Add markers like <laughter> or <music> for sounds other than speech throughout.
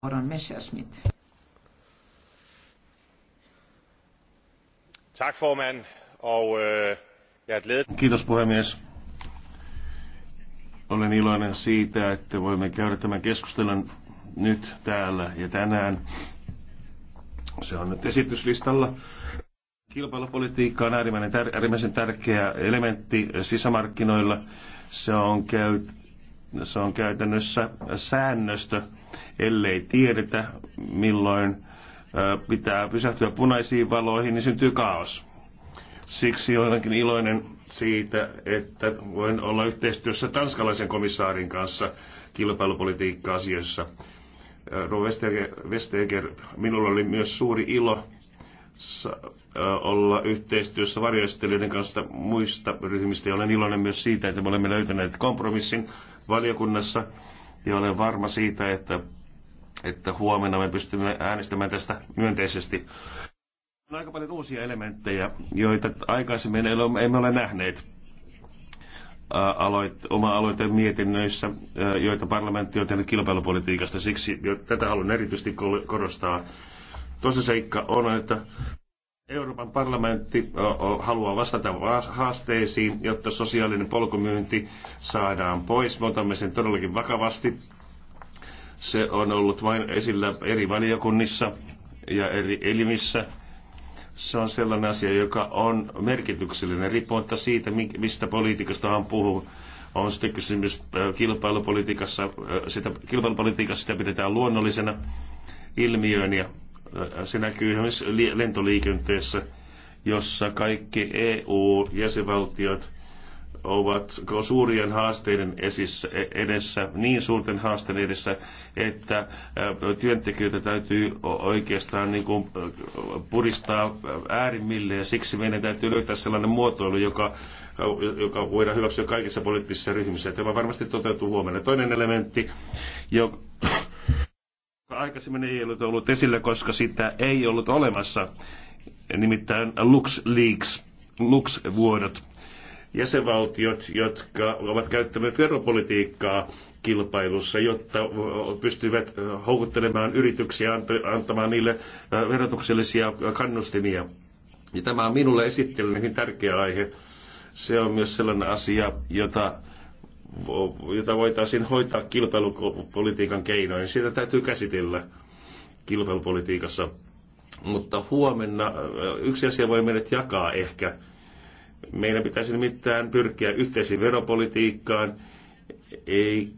puheenvuoron Messerschmidt. Tak formand, og øh, er Kiitos puhemies. Olen iloinen siitä, että voimme käydä tämän keskustelun nyt täällä ja tänään. Se on nyt esityslistalla. Kilpailupolitiikka on äärimmäisen, tär- äärimmäisen tärkeä elementti sisämarkkinoilla. Se on, käy- se on käytännössä säännöstö ellei tiedetä, milloin pitää pysähtyä punaisiin valoihin, niin syntyy kaos. Siksi olenkin iloinen siitä, että voin olla yhteistyössä tanskalaisen komissaarin kanssa kilpailupolitiikka-asioissa. No minulla oli myös suuri ilo olla yhteistyössä varjoistelijoiden kanssa muista ryhmistä olen iloinen myös siitä, että me olemme löytäneet kompromissin valiokunnassa ja olen varma siitä, että, että huomenna me pystymme äänestämään tästä myönteisesti. On aika paljon uusia elementtejä, joita aikaisemmin emme ole nähneet oma aloite mietinnöissä, joita parlamentti on tehnyt kilpailupolitiikasta. Siksi tätä haluan erityisesti korostaa. Tosi seikka on, että Euroopan parlamentti haluaa vastata haasteisiin, jotta sosiaalinen polkumyynti saadaan pois. Me otamme sen todellakin vakavasti. Se on ollut vain esillä eri valiokunnissa ja eri elimissä. Se on sellainen asia, joka on merkityksellinen riippumatta siitä, mistä poliitikasta hän puhuu on sitten kysymys kilpailupolitiikassa, sitä, kilpailupolitiikassa sitä pidetään luonnollisena ilmiöön ja se näkyy myös lentoliikenteessä, jossa kaikki EU-jäsenvaltiot ovat suurien haasteiden esissä, e-, edessä, niin suurten haasteiden edessä, että työntekijöitä täytyy oikeastaan niin kuin puristaa äärimmilleen. Siksi meidän täytyy löytää sellainen muotoilu, joka, joka voidaan hyväksyä kaikissa poliittisissa ryhmissä. Tämä varmasti toteutuu huomenna. Toinen elementti, joka aikaisemmin ei ollut ollut esillä, koska sitä ei ollut olemassa, nimittäin lux leaks, Lux Vuodot, Jäsenvaltiot, jotka ovat käyttäneet veropolitiikkaa kilpailussa, jotta pystyvät houkuttelemaan yrityksiä antamaan niille verotuksellisia kannustimia. Ja tämä on minulle esittelyyn hyvin tärkeä aihe. Se on myös sellainen asia, jota jota voitaisiin hoitaa kilpailupolitiikan keinoin. Sitä täytyy käsitellä kilpailupolitiikassa. Mutta huomenna äh, yksi asia voi meidät jakaa ehkä. Meidän pitäisi nimittäin pyrkiä yhteisiin veropolitiikkaan ei,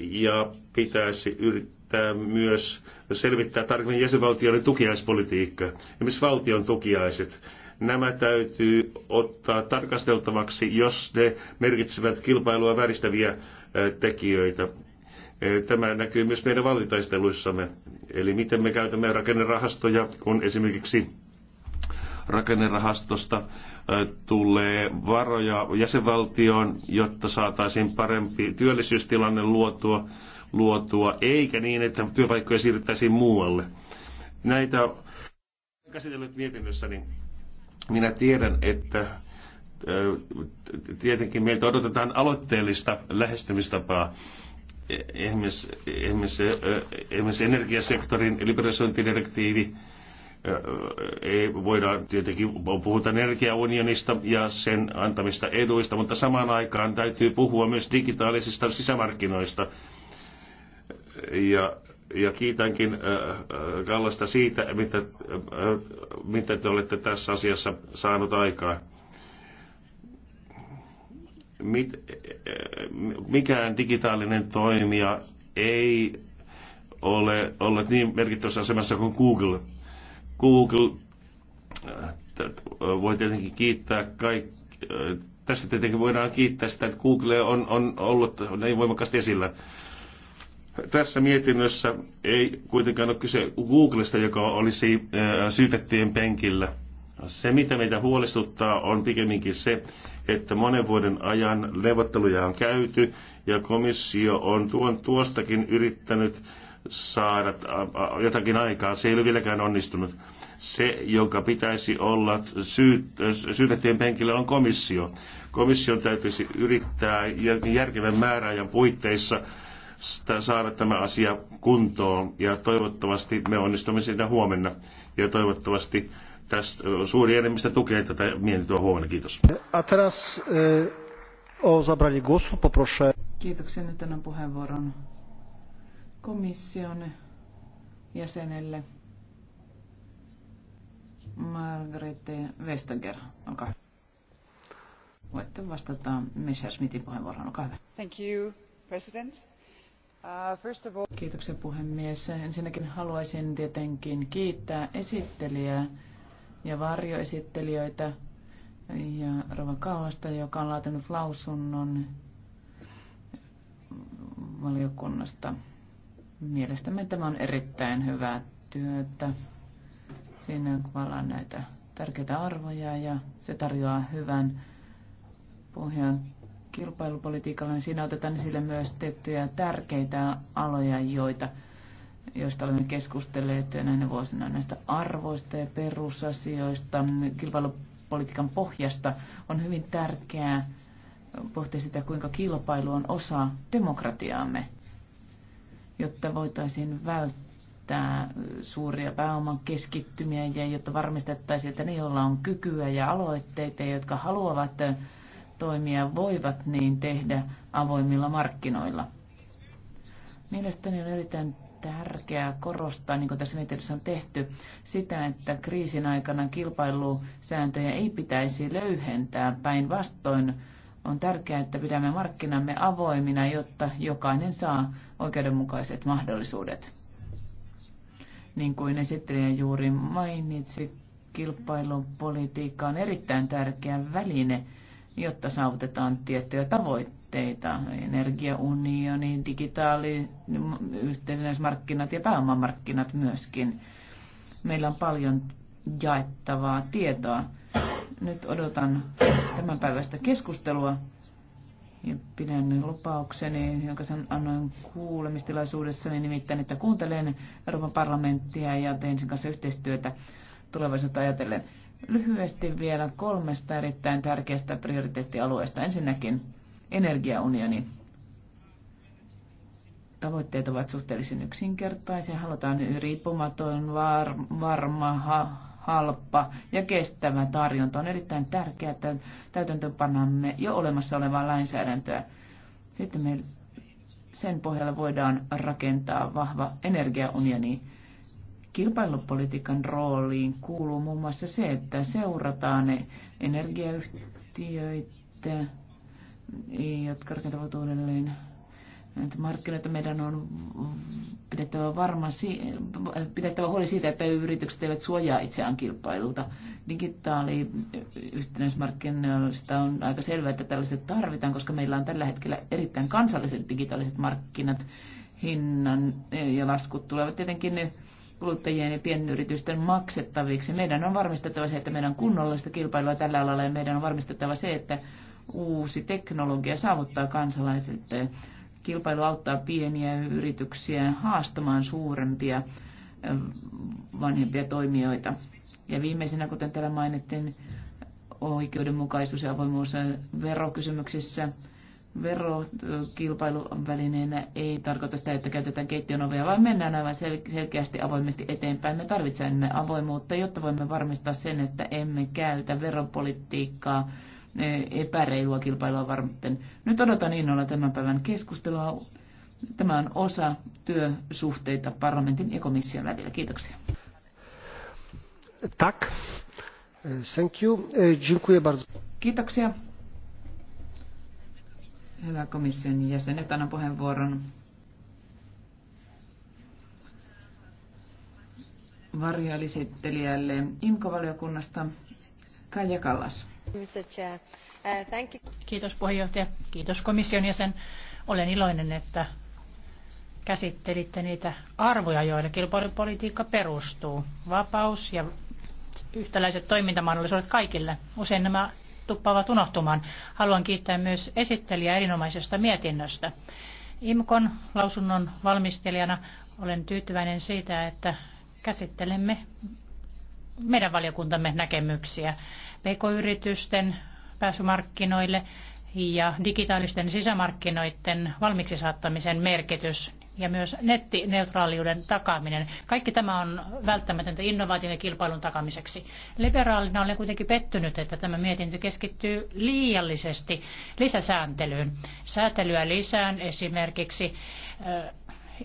ja pitäisi yrittää myös selvittää tarkemmin jäsenvaltioiden tukiaispolitiikkaa. Esimerkiksi valtion tukiaiset Nämä täytyy ottaa tarkasteltavaksi, jos ne merkitsevät kilpailua väristäviä tekijöitä. Tämä näkyy myös meidän valitaisteluissamme. Eli miten me käytämme rakennerahastoja, kun esimerkiksi rakennerahastosta tulee varoja jäsenvaltioon, jotta saataisiin parempi työllisyystilanne luotua, luotua eikä niin, että työpaikkoja siirrettäisiin muualle. Näitä käsitellyt mietinnössäni. Niin minä tiedän, että tietenkin meiltä odotetaan aloitteellista lähestymistapaa e-, esimerkiksi energiasektorin liberalisointidirektiivi, ei, voidaan tietenkin puhuta energiaunionista ja sen antamista eduista, mutta samaan aikaan täytyy puhua myös digitaalisista sisämarkkinoista. Ja ja kiitänkin Kallasta äh, äh, siitä, mitä, äh, mitä te olette tässä asiassa saanut aikaan. Mit, mikään digitaalinen toimija ei ole ollut niin merkittävässä asemassa kuin Google. Google voi tietenkin kiittää kaikki, tässä tietenkin voidaan kiittää sitä, että Google on, on ollut niin voimakkaasti esillä tässä mietinnössä ei kuitenkaan ole kyse Googlesta, joka olisi äh, syytettyjen penkillä. Se, mitä meitä huolestuttaa, on pikemminkin se, että monen vuoden ajan neuvotteluja on käyty ja komissio on tuon tuostakin yrittänyt saada äh, äh, jotakin aikaa. Se ei ole vieläkään onnistunut. Se, jonka pitäisi olla syytettyjen penkillä, on komissio. Komission täytyisi yrittää järkevän määräajan puitteissa saada tämä asia kuntoon ja toivottavasti me onnistumme siinä huomenna ja toivottavasti tästä suuri enemmistö tukee tätä mietintöä huomenna. Kiitos. E, Kiitoksia. Nyt annan puheenvuoron komission jäsenelle. Margrethe Vestager, olkaa hyvä. Voitte vastata Messerschmittin puheenvuoroon, olkaa hyvä. Thank you, President. Uh, Kiitoksia puhemies. Ensinnäkin haluaisin tietenkin kiittää esittelijää ja varjoesittelijöitä ja Rova Kaosta, joka on laatinut lausunnon valiokunnasta. Mielestämme tämä on erittäin hyvää työtä. Siinä kuvaillaan näitä tärkeitä arvoja ja se tarjoaa hyvän pohjan kilpailupolitiikalla, niin siinä otetaan esille myös tiettyjä tärkeitä aloja, joita, joista olemme keskustelleet näinä vuosina näistä arvoista ja perusasioista, kilpailupolitiikan pohjasta. On hyvin tärkeää pohtia sitä, kuinka kilpailu on osa demokratiaamme, jotta voitaisiin välttää suuria pääoman keskittymiä ja jotta varmistettaisiin, että ne, joilla on kykyä ja aloitteita, jotka haluavat toimia voivat niin tehdä avoimilla markkinoilla. Mielestäni on erittäin tärkeää korostaa, niin kuin tässä mietinnössä on tehty, sitä, että kriisin aikana kilpailusääntöjä ei pitäisi löyhentää. Päinvastoin on tärkeää, että pidämme markkinamme avoimina, jotta jokainen saa oikeudenmukaiset mahdollisuudet. Niin kuin esittelijä juuri mainitsi, kilpailupolitiikka on erittäin tärkeä väline jotta saavutetaan tiettyjä tavoitteita, energiaunioni, digitaali, yhteisömarkkinat ja pääomamarkkinat myöskin. Meillä on paljon jaettavaa tietoa. Nyt odotan tämän päivästä keskustelua ja pidän lupaukseni, jonka sen annoin niin nimittäin, että kuuntelen Euroopan parlamenttia ja teen sen kanssa yhteistyötä tulevaisuutta ajatellen. Lyhyesti vielä kolmesta erittäin tärkeästä prioriteettialueesta. Ensinnäkin energiaunioni. Tavoitteet ovat suhteellisen yksinkertaisia. Halutaan riippumaton, var, varma, ha, halppa ja kestävä tarjonta. On erittäin tärkeää, että täytäntöönpannamme jo olemassa olevaa lainsäädäntöä. Sitten me sen pohjalla voidaan rakentaa vahva energiaunioni kilpailupolitiikan rooliin kuuluu muun muassa se, että seurataan ne energiayhtiöitä, jotka rakentavat uudelleen että markkinoita. Meidän on pidettävä, varma, pidettävä huoli siitä, että yritykset eivät suojaa itseään kilpailulta. Digitaali yhtenäismarkkinoista on aika selvää, että tällaiset tarvitaan, koska meillä on tällä hetkellä erittäin kansalliset digitaaliset markkinat. Hinnan eh, ja laskut tulevat tietenkin kuluttajien ja pienyritysten maksettaviksi. Meidän on varmistettava se, että meidän on kunnollista kilpailua tällä alalla ja meidän on varmistettava se, että uusi teknologia saavuttaa kansalaiset. Kilpailu auttaa pieniä yrityksiä haastamaan suurempia ähm, vanhempia toimijoita. Ja viimeisenä, kuten täällä mainittiin, oikeudenmukaisuus ja avoimuus äh, verokysymyksissä – verokilpailuvälineenä ei tarkoita sitä, että käytetään keittiön ovea, vaan mennään aivan sel- selkeästi avoimesti eteenpäin. Me tarvitsemme avoimuutta, jotta voimme varmistaa sen, että emme käytä veropolitiikkaa eh, epäreilua kilpailua varmasti. Nyt odotan innolla tämän päivän keskustelua. Tämä on osa työsuhteita parlamentin ja komission välillä. Kiitoksia. Tak. Thank you. Eh, dziękuję bardzo. Kiitoksia. Hyvä komission jäsen, nyt annan puheenvuoron varjoesittelijälle IMKO-valiokunnasta Kaija Kallas. Uh, kiitos puheenjohtaja, kiitos komission jäsen. Olen iloinen, että käsittelitte niitä arvoja, joille kilpailupolitiikka perustuu. Vapaus ja yhtäläiset toimintamahdollisuudet kaikille. Usein nämä tuppaavat unohtumaan. Haluan kiittää myös esittelijä erinomaisesta mietinnöstä. IMKON lausunnon valmistelijana olen tyytyväinen siitä, että käsittelemme meidän valiokuntamme näkemyksiä pk-yritysten pääsymarkkinoille ja digitaalisten sisämarkkinoiden valmiiksi saattamisen merkitys ja myös nettineutraaliuden takaaminen. Kaikki tämä on välttämätöntä innovaation ja kilpailun takamiseksi. Liberaalina olen kuitenkin pettynyt, että tämä mietintö keskittyy liiallisesti lisäsääntelyyn. Säätelyä lisään esimerkiksi eh,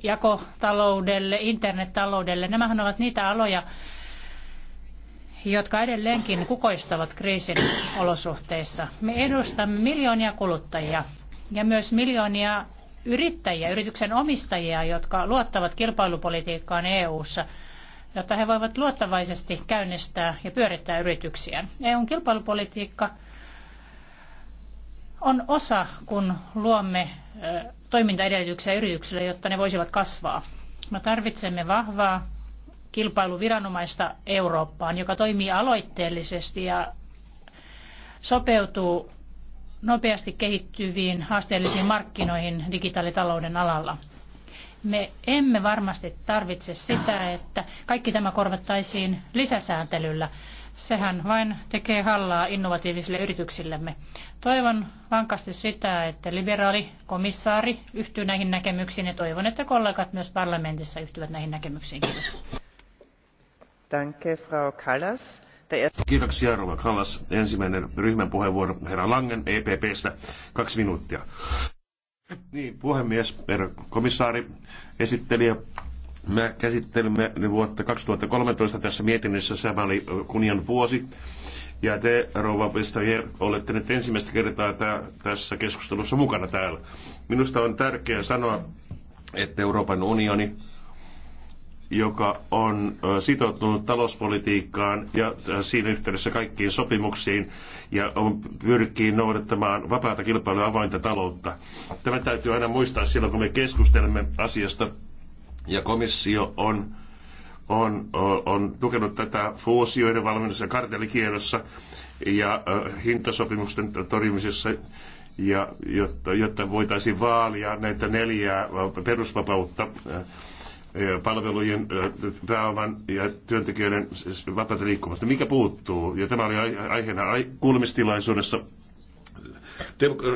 jakotaloudelle, internettaloudelle. Nämähän ovat niitä aloja, jotka edelleenkin kukoistavat kriisin olosuhteissa. Me edustamme miljoonia kuluttajia ja myös miljoonia yrittäjiä, yrityksen omistajia, jotka luottavat kilpailupolitiikkaan EU-ssa, jotta he voivat luottavaisesti käynnistää ja pyörittää yrityksiään. EUn kilpailupolitiikka on osa, kun luomme toimintaedellytyksiä yrityksille, jotta ne voisivat kasvaa. Me tarvitsemme vahvaa kilpailuviranomaista Eurooppaan, joka toimii aloitteellisesti ja sopeutuu nopeasti kehittyviin haasteellisiin markkinoihin digitaalitalouden alalla. Me emme varmasti tarvitse sitä, että kaikki tämä korvattaisiin lisäsääntelyllä. Sehän vain tekee hallaa innovatiivisille yrityksillemme. Toivon vankasti sitä, että liberaali komissaari yhtyy näihin näkemyksiin ja toivon, että kollegat myös parlamentissa yhtyvät näihin näkemyksiin. Kiitos. Danke, Frau Kallas päättäjät. Kiitoksia Rova Kallas. Ensimmäinen ryhmän puheenvuoro herra Langen EPPstä. Kaksi minuuttia. Niin, puhemies, herra komissaari, esittelijä, me käsittelimme vuotta 2013 tässä mietinnössä, tämä oli kunnian vuosi. Ja te, rouva Vestager, olette nyt ensimmäistä kertaa tää, tässä keskustelussa mukana täällä. Minusta on tärkeää sanoa, että Euroopan unioni joka on sitoutunut talouspolitiikkaan ja siinä yhteydessä kaikkiin sopimuksiin ja on, pyrkii noudattamaan vapaata kilpailua avointa taloutta. Tämä täytyy aina muistaa silloin, kun me keskustelemme asiasta ja komissio on on, on, on tukenut tätä fuusioiden valmennuksessa, kartellikielossa ja hintasopimusten torjumisessa, ja, jotta, jotta voitaisiin vaalia näitä neljää perusvapautta palvelujen, pääoman ja työntekijöiden vapaata liikkumasta. Mikä puuttuu? Ja tämä oli aiheena kuulemistilaisuudessa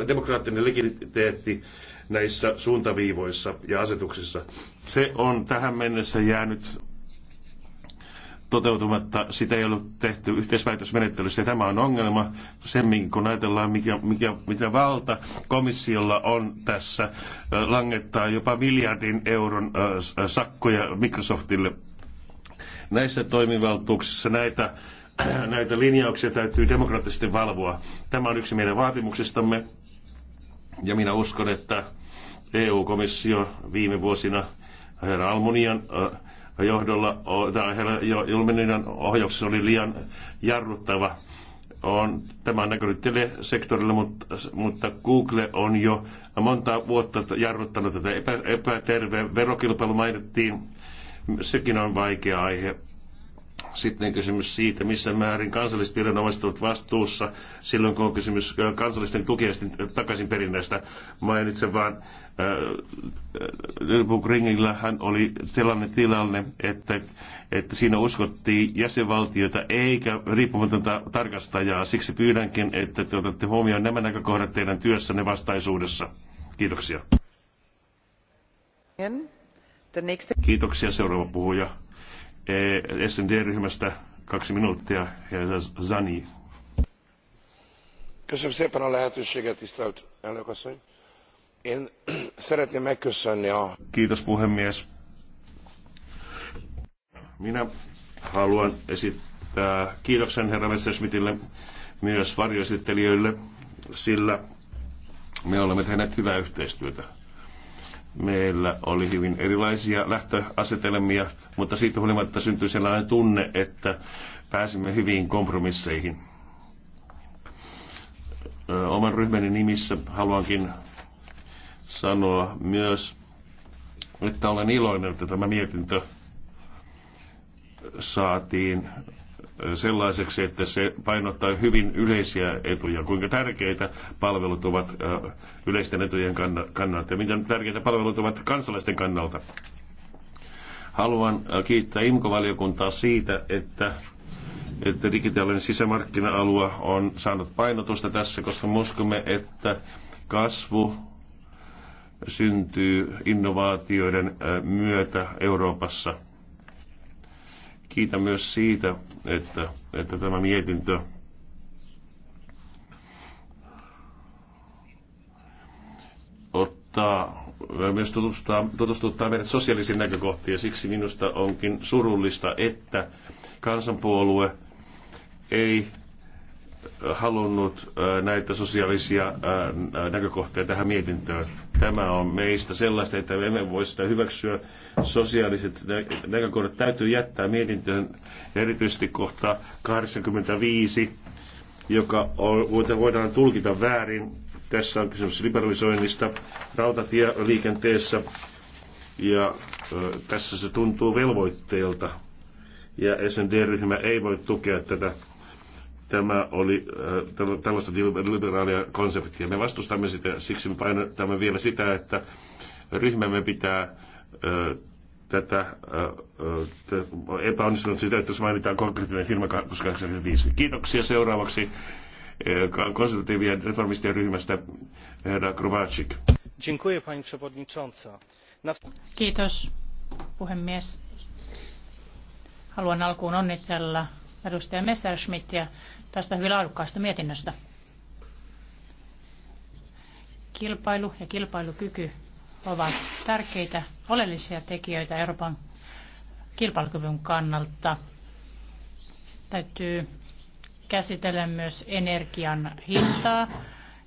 demokraattinen legitimiteetti näissä suuntaviivoissa ja asetuksissa. Se on tähän mennessä jäänyt toteutumatta. Sitä ei ollut tehty yhteisväitösmenettelyssä. ja tämä on ongelma semminkin, kun ajatellaan, mikä, mikä, mitä valta komissiolla on tässä langettaa jopa miljardin euron sakkoja Microsoftille. Näissä toimivaltuuksissa näitä <clears throat> näitä linjauksia täytyy demokraattisesti valvoa. Tämä on yksi meidän vaatimuksistamme ja minä uskon, että EU-komissio viime vuosina herra Almunian äh, johdolla, Ilmeninan ohjauksessa oli liian jarruttava. On, tämä on näkynyt telesektorilla, mutta, mutta Google on jo monta vuotta jarruttanut tätä epä, epäterve verokilpailu mainittiin. Sekin on vaikea aihe. Sitten kysymys siitä, missä määrin kansalliset viranomaiset ovat vastuussa silloin, kun on kysymys kansallisten tukiesten takaisinperinnästä. Mainitsen vaan Nürburgringillä hän oli sellainen tilanne, että, että siinä uskottiin jäsenvaltioita eikä riippumatonta tarkastajaa. Siksi pyydänkin, että te otatte huomioon nämä näkökohdat teidän työssänne vastaisuudessa. Kiitoksia. Kiitoksia seuraava puhuja. E, SND-ryhmästä kaksi minuuttia, herra Zani. Köszönöm szépen a lehetőséget, tisztelt elnök asszony! Én szeretném megköszönni a... Kiitos puhemies. Minä haluan esittää kiitoksen herra Messerschmittille myös varjoesittelijöille, sillä me olemme tehneet hyvää yhteistyötä. Meillä oli hyvin erilaisia lähtöasetelmia, mutta siitä huolimatta syntyi sellainen tunne, että pääsimme hyviin kompromisseihin. Oman ryhmäni nimissä haluankin sanoa myös, että olen iloinen, että tämä mietintö saatiin sellaiseksi, että se painottaa hyvin yleisiä etuja, kuinka tärkeitä palvelut ovat yleisten etujen kannalta ja miten tärkeitä palvelut ovat kansalaisten kannalta. Haluan kiittää IMKO-valiokuntaa siitä, että, että digitaalinen sisämarkkina-alue on saanut painotusta tässä, koska uskomme, että kasvu syntyy innovaatioiden myötä Euroopassa. Kiitän myös siitä, että, että tämä mietintö ottaa myös tutustuttaa, tutustuttaa meidät sosiaalisiin näkökohtiin ja siksi minusta onkin surullista, että kansanpuolue ei halunnut näitä sosiaalisia näkökohtia tähän mietintöön. Tämä on meistä sellaista, että emme voi sitä hyväksyä. Sosiaaliset näkökohdat täytyy jättää mietintöön erityisesti kohta 85, joka voidaan tulkita väärin. Tässä on kysymys liberalisoinnista rautatieliikenteessä ja tässä se tuntuu velvoitteelta. Ja SND-ryhmä ei voi tukea tätä tämä oli äh, tällaista liberaalia konseptia. Me vastustamme sitä, siksi me painotamme vielä sitä, että ryhmämme pitää äh, tätä äh, äh epäonnistunut sitä, että se mainitaan konkreettinen firma 25. Kiitoksia seuraavaksi äh, konservatiivien reformistien ryhmästä herra Kruvacik. Dziękuję pani przewodnicząca. Kiitos puhemies. Haluan alkuun onnitella edustaja Messerschmittiä tästä hyvin laadukkaasta mietinnöstä. Kilpailu ja kilpailukyky ovat tärkeitä, oleellisia tekijöitä Euroopan kilpailukyvyn kannalta. Täytyy käsitellä myös energian hintaa,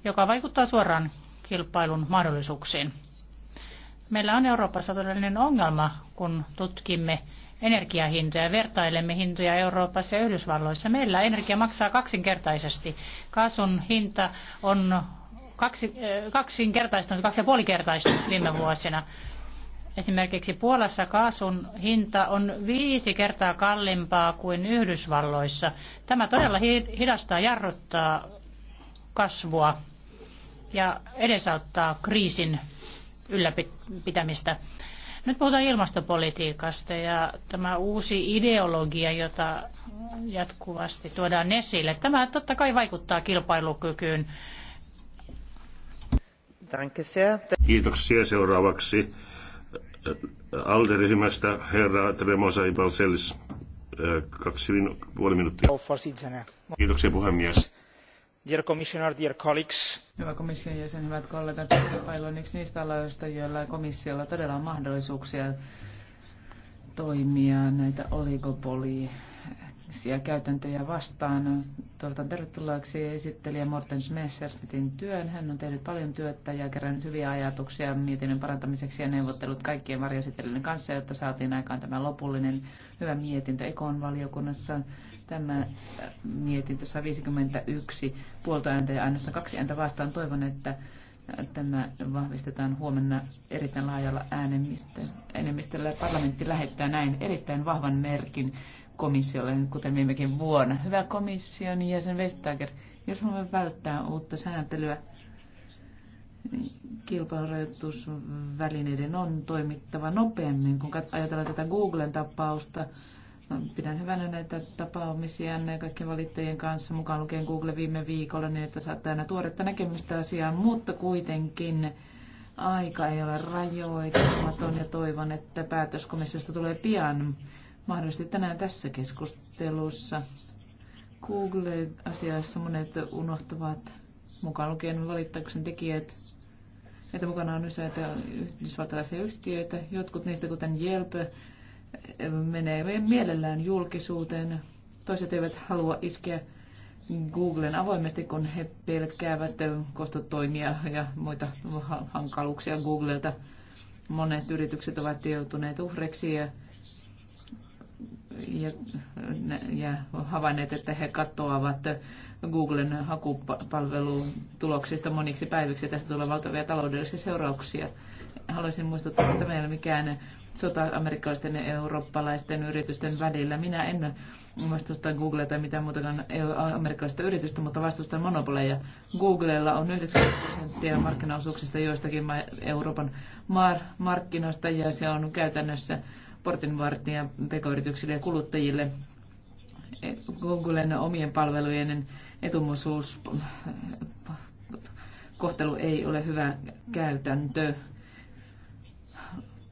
joka vaikuttaa suoraan kilpailun mahdollisuuksiin. Meillä on Euroopassa todellinen ongelma, kun tutkimme energiahintoja, vertailemme hintoja Euroopassa ja Yhdysvalloissa. Meillä energia maksaa kaksinkertaisesti. Kaasun hinta on kaksi, eh, kaksinkertaistunut, kaksi ja puolikertaistunut viime vuosina. Esimerkiksi Puolassa kaasun hinta on viisi kertaa kalliimpaa kuin Yhdysvalloissa. Tämä todella hidastaa, jarruttaa kasvua ja edesauttaa kriisin ylläpitämistä. Nyt puhutaan ilmastopolitiikasta ja tämä uusi ideologia, jota jatkuvasti tuodaan esille, tämä totta kai vaikuttaa kilpailukykyyn. Kiitoksia. Seuraavaksi äh, Alderyhmästä herra Tremosa Ibalselis. Äh, kaksi puoli minuuttia. Kiitoksia puhemies Dear Commissioner, dear colleagues. Hyvä komission jäsen, hyvät kollegat, kilpailu on yksi niistä aloista, joilla komissiolla todella on mahdollisuuksia toimia näitä oligopolisia käytäntöjä vastaan. Toivotan tervetulleeksi esittelijä Morten Messerschmittin työn. Hän on tehnyt paljon työtä ja kerännyt hyviä ajatuksia mietinnön parantamiseksi ja neuvottelut kaikkien varjoesittelyiden kanssa, jotta saatiin aikaan tämä lopullinen hyvä mietintö Ekon valiokunnassa. Tämä mietintö saa 51 puolta ääntä ja ainoastaan kaksi ääntä vastaan. Toivon, että tämä vahvistetaan huomenna erittäin laajalla enemmistöllä. Parlamentti lähettää näin erittäin vahvan merkin komissiolle, kuten viimekin vuonna. Hyvä komission jäsen Vestager, jos haluamme välttää uutta sääntelyä, niin kilpailurajoitusvälineiden on toimittava nopeammin. Kun ajatellaan tätä Googlen tapausta, Pidän hyvänä näitä tapaamisia kaikkien valittajien kanssa, mukaan lukien Google viime viikolla, niin että saattaa aina tuoretta näkemystä asiaan, mutta kuitenkin aika ei ole rajoitamaton ja toivon, että päätöskomissiosta tulee pian, mahdollisesti tänään tässä keskustelussa. Google-asiassa monet unohtavat, mukaan lukien valittauksen tekijät, että mukana on useita yhdysvaltalaisia yhtiöitä. Jotkut niistä, kuten Yelp, menee mielellään julkisuuteen. Toiset eivät halua iskeä Googlen avoimesti, kun he pelkäävät kostotoimia ja muita hankaluuksia Googlelta. Monet yritykset ovat joutuneet uhreiksi ja, ja, ja havainneet, että he katoavat Googlen hakupalvelun tuloksista moniksi päiviksi. Tästä tulee valtavia taloudellisia seurauksia. Haluaisin muistuttaa, että meillä ei ole mikään sota amerikkalaisten ja eurooppalaisten yritysten välillä. Minä en vastusta Googlea tai mitään muutakaan amerikkalaista yritystä, mutta vastustan monopoleja. Googlella on 90 prosenttia markkinaosuuksista joistakin Euroopan markkinoista ja se on käytännössä portinvartija pekoyrityksille ja kuluttajille. Googlen omien palvelujen etumuisuus kohtelu ei ole hyvä käytäntö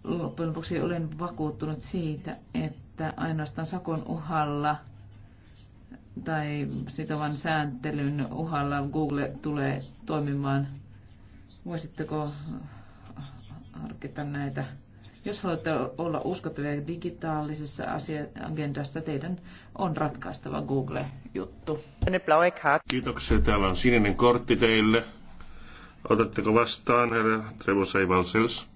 loppujen lopuksi olen vakuuttunut siitä, että ainoastaan sakon uhalla tai sitovan sääntelyn uhalla Google tulee toimimaan. Voisitteko harkita näitä? Jos haluatte olla uskottavia digitaalisessa agendassa, teidän on ratkaistava Google-juttu. Kiitoksia. Täällä on sininen kortti teille. Otatteko vastaan, herra Trevor Seivalsels?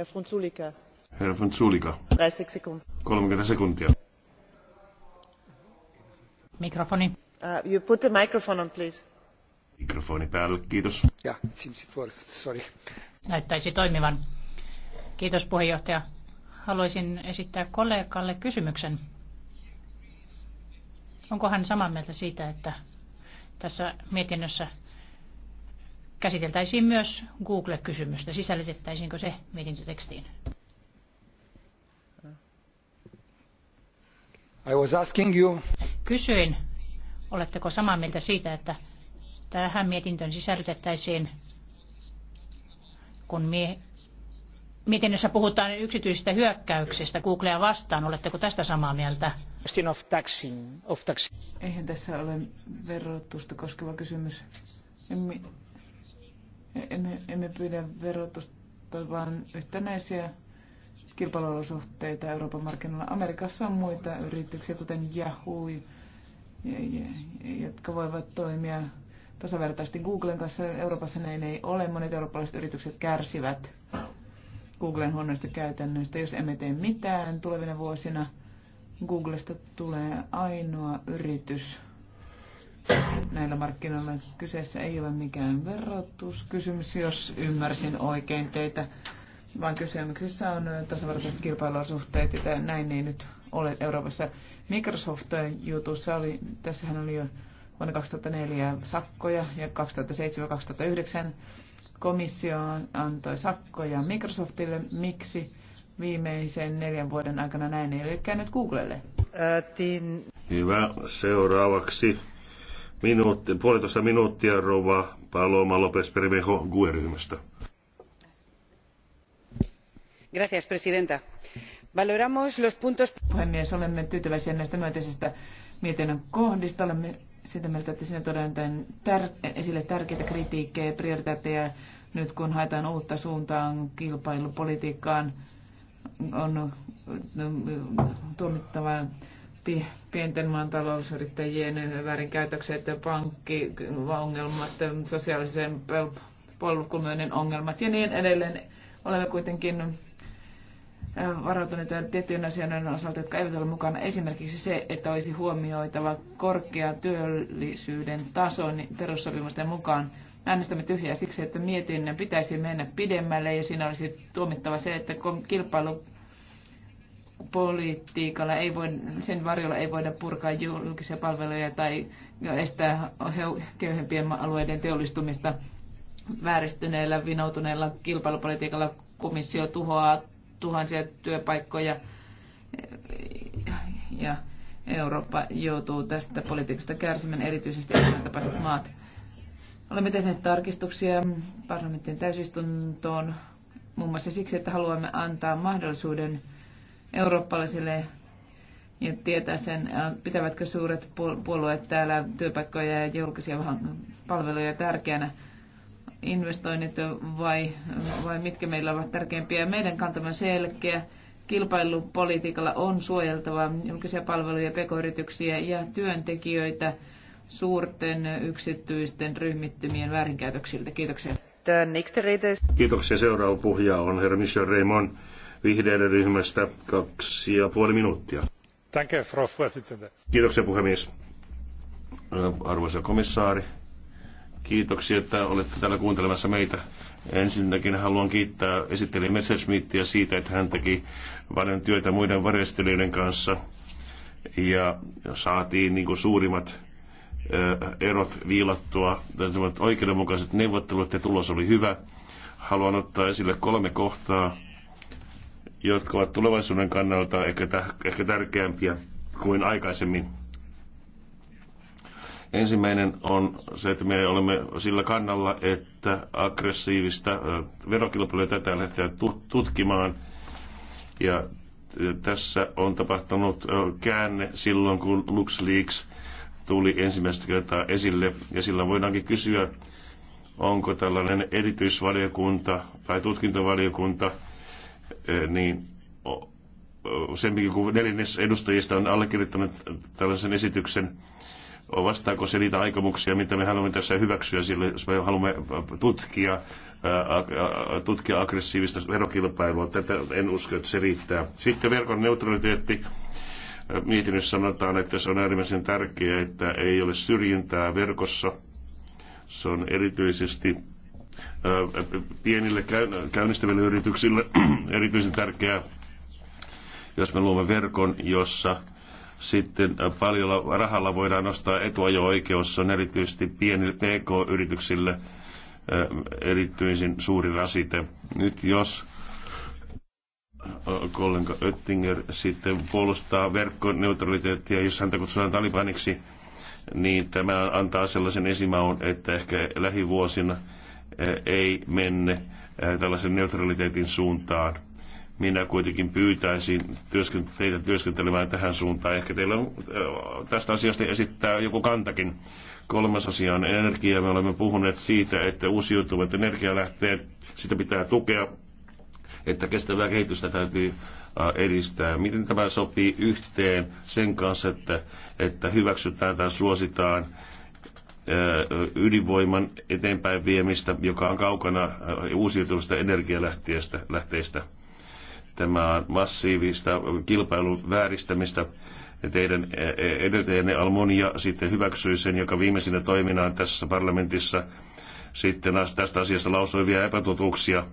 Herr Frunzulika. Herra Frunzulika. 30 sekuntia. 30 sekuntia. Mikrofoni. Uh, you put the microphone on, please. Mikrofoni päälle, kiitos. Yeah, it seems it works, sorry. Näyttäisi toimivan. Kiitos puheenjohtaja. Haluaisin esittää kollegalle kysymyksen. Onko hän samaa mieltä siitä, että tässä mietinnössä käsiteltäisiin myös Google-kysymystä. Sisällytettäisiinkö se mietintötekstiin? I was asking you. Kysyin, oletteko samaa mieltä siitä, että tähän mietintöön sisällytettäisiin, kun mie- mietinnössä puhutaan yksityisistä hyökkäyksistä Googlea vastaan. Oletteko tästä samaa mieltä? Of taxing, of taxing. Eihän tässä ole verotusta koskeva kysymys. Emme, emme pyydä verotusta, vaan yhtenäisiä kilpailuolosuhteita Euroopan markkinoilla. Amerikassa on muita yrityksiä, kuten Yahoo, jotka voivat toimia tasavertaisesti Googlen kanssa. Euroopassa näin ei ole. Monet eurooppalaiset yritykset kärsivät Googlen huonoista käytännöistä. Jos emme tee mitään tulevina vuosina, Googlesta tulee ainoa yritys, näillä markkinoilla. Kyseessä ei ole mikään verotuskysymys, jos ymmärsin oikein teitä, vaan kysymyksessä on tasavertaiset kilpailusuhteet, ja näin ei nyt ole Euroopassa. Microsoftin jutussa oli, tässähän oli jo vuonna 2004 sakkoja ja 2007-2009 komissio antoi sakkoja Microsoftille. Miksi viimeisen neljän vuoden aikana näin ei ole käynyt Googlelle? Hyvä. Seuraavaksi minuutti, puolitoista minuuttia rouva Paloma López Perimejo GUE-ryhmästä. Gracias, presidenta. Valoramos los puntos... Puhemies, olemme tyytyväisiä näistä myönteisistä mietinnön kohdista. Olemme sitä mieltä, että siinä tuodaan tär- esille tärkeitä kritiikkejä ja prioriteetteja nyt, kun haetaan uutta suuntaan kilpailupolitiikkaan. On tuomittava pienten maantalousyrittäjien väärinkäytökset, pankkiongelmat, sosiaalisen polkumyönnin ongelmat ja niin edelleen. Olemme kuitenkin äh, varautuneet tiettyjen asioiden osalta, jotka eivät ole mukana. Esimerkiksi se, että olisi huomioitava korkea työllisyyden taso niin perussopimusten mukaan. Äänestämme tyhjää siksi, että mietinnän pitäisi mennä pidemmälle ja siinä olisi tuomittava se, että kilpailu politiikalla ei voi, sen varjolla ei voida purkaa julkisia palveluja tai estää köyhempien alueiden teollistumista vääristyneellä, vinoutuneella kilpailupolitiikalla komissio tuhoaa tuhansia työpaikkoja ja Eurooppa joutuu tästä politiikasta kärsimään, erityisesti tapaiset maat. Olemme tehneet tarkistuksia parlamentin täysistuntoon muun muassa siksi, että haluamme antaa mahdollisuuden eurooppalaisille ja tietää sen, pitävätkö suuret puolueet täällä työpaikkoja ja julkisia palveluja tärkeänä investoinnit vai, vai mitkä meillä ovat tärkeimpiä. Meidän kantamme selkeä. Kilpailupolitiikalla on suojeltava julkisia palveluja, pekoyrityksiä ja työntekijöitä suurten yksityisten ryhmittymien väärinkäytöksiltä. Kiitoksia. Kiitoksia. Seuraava puhuja on herra Michel Raymond vihreiden ryhmästä kaksi ja puoli minuuttia. Frau Kiitoksia puhemies. Arvoisa komissaari, kiitoksia, että olette täällä kuuntelemassa meitä. Ensinnäkin haluan kiittää esitteli Messerschmittia siitä, että hän teki paljon työtä muiden varjostelijoiden kanssa ja saatiin niin kuin suurimmat eh, erot viilattua, oikeudenmukaiset neuvottelut ja tulos oli hyvä. Haluan ottaa esille kolme kohtaa, jotka ovat tulevaisuuden kannalta ehkä, ehkä tärkeämpiä kuin aikaisemmin. Ensimmäinen on se, että me olemme sillä kannalla, että aggressiivista verokilpailua tätä lähdetään tutkimaan. Ja tässä on tapahtunut käänne silloin, kun LuxLeaks tuli ensimmäistä kertaa esille. Ja sillä voidaankin kysyä, onko tällainen erityisvaliokunta tai tutkintovaliokunta, niin sen kun neljännes edustajista on allekirjoittanut tällaisen esityksen, vastaako se niitä aikomuksia, mitä me haluamme tässä hyväksyä sille, jos me haluamme tutkia, tutkia aggressiivista verokilpailua. Tätä en usko, että se riittää. Sitten verkon neutraliteetti. Mietinnössä sanotaan, että se on äärimmäisen tärkeää, että ei ole syrjintää verkossa. Se on erityisesti pienille käynnistäville yrityksille <clears throat> erityisen tärkeää, jos me luomme verkon, jossa sitten paljon rahalla voidaan nostaa etuajo-oikeus, on erityisesti pienille PK-yrityksille erityisen suuri rasite. Nyt jos kollega Oettinger sitten puolustaa verkkoneutraliteettia, jos häntä kutsutaan talibaniksi, niin tämä antaa sellaisen esimaun, että ehkä lähivuosina – Eh, ei menne eh, tällaisen neutraliteetin suuntaan. Minä kuitenkin pyytäisin teitä työskentelemään tähän suuntaan. Ehkä teillä on eh, tästä asiasta esittää joku kantakin. Kolmas asia on energia. Me olemme puhuneet siitä, että uusiutuvat energialähteet, sitä pitää tukea, että kestävää kehitystä täytyy edistää. Miten tämä sopii yhteen sen kanssa, että, että hyväksytään tai suositaan ydinvoiman eteenpäin viemistä, joka on kaukana uusiutuvista energialähteistä. Tämä on massiivista kilpailun vääristämistä. Teidän edeltäjänne Almonia sitten hyväksyi sen, joka viimeisinä toiminaan tässä parlamentissa sitten tästä asiasta lausui vielä epätotuuksia.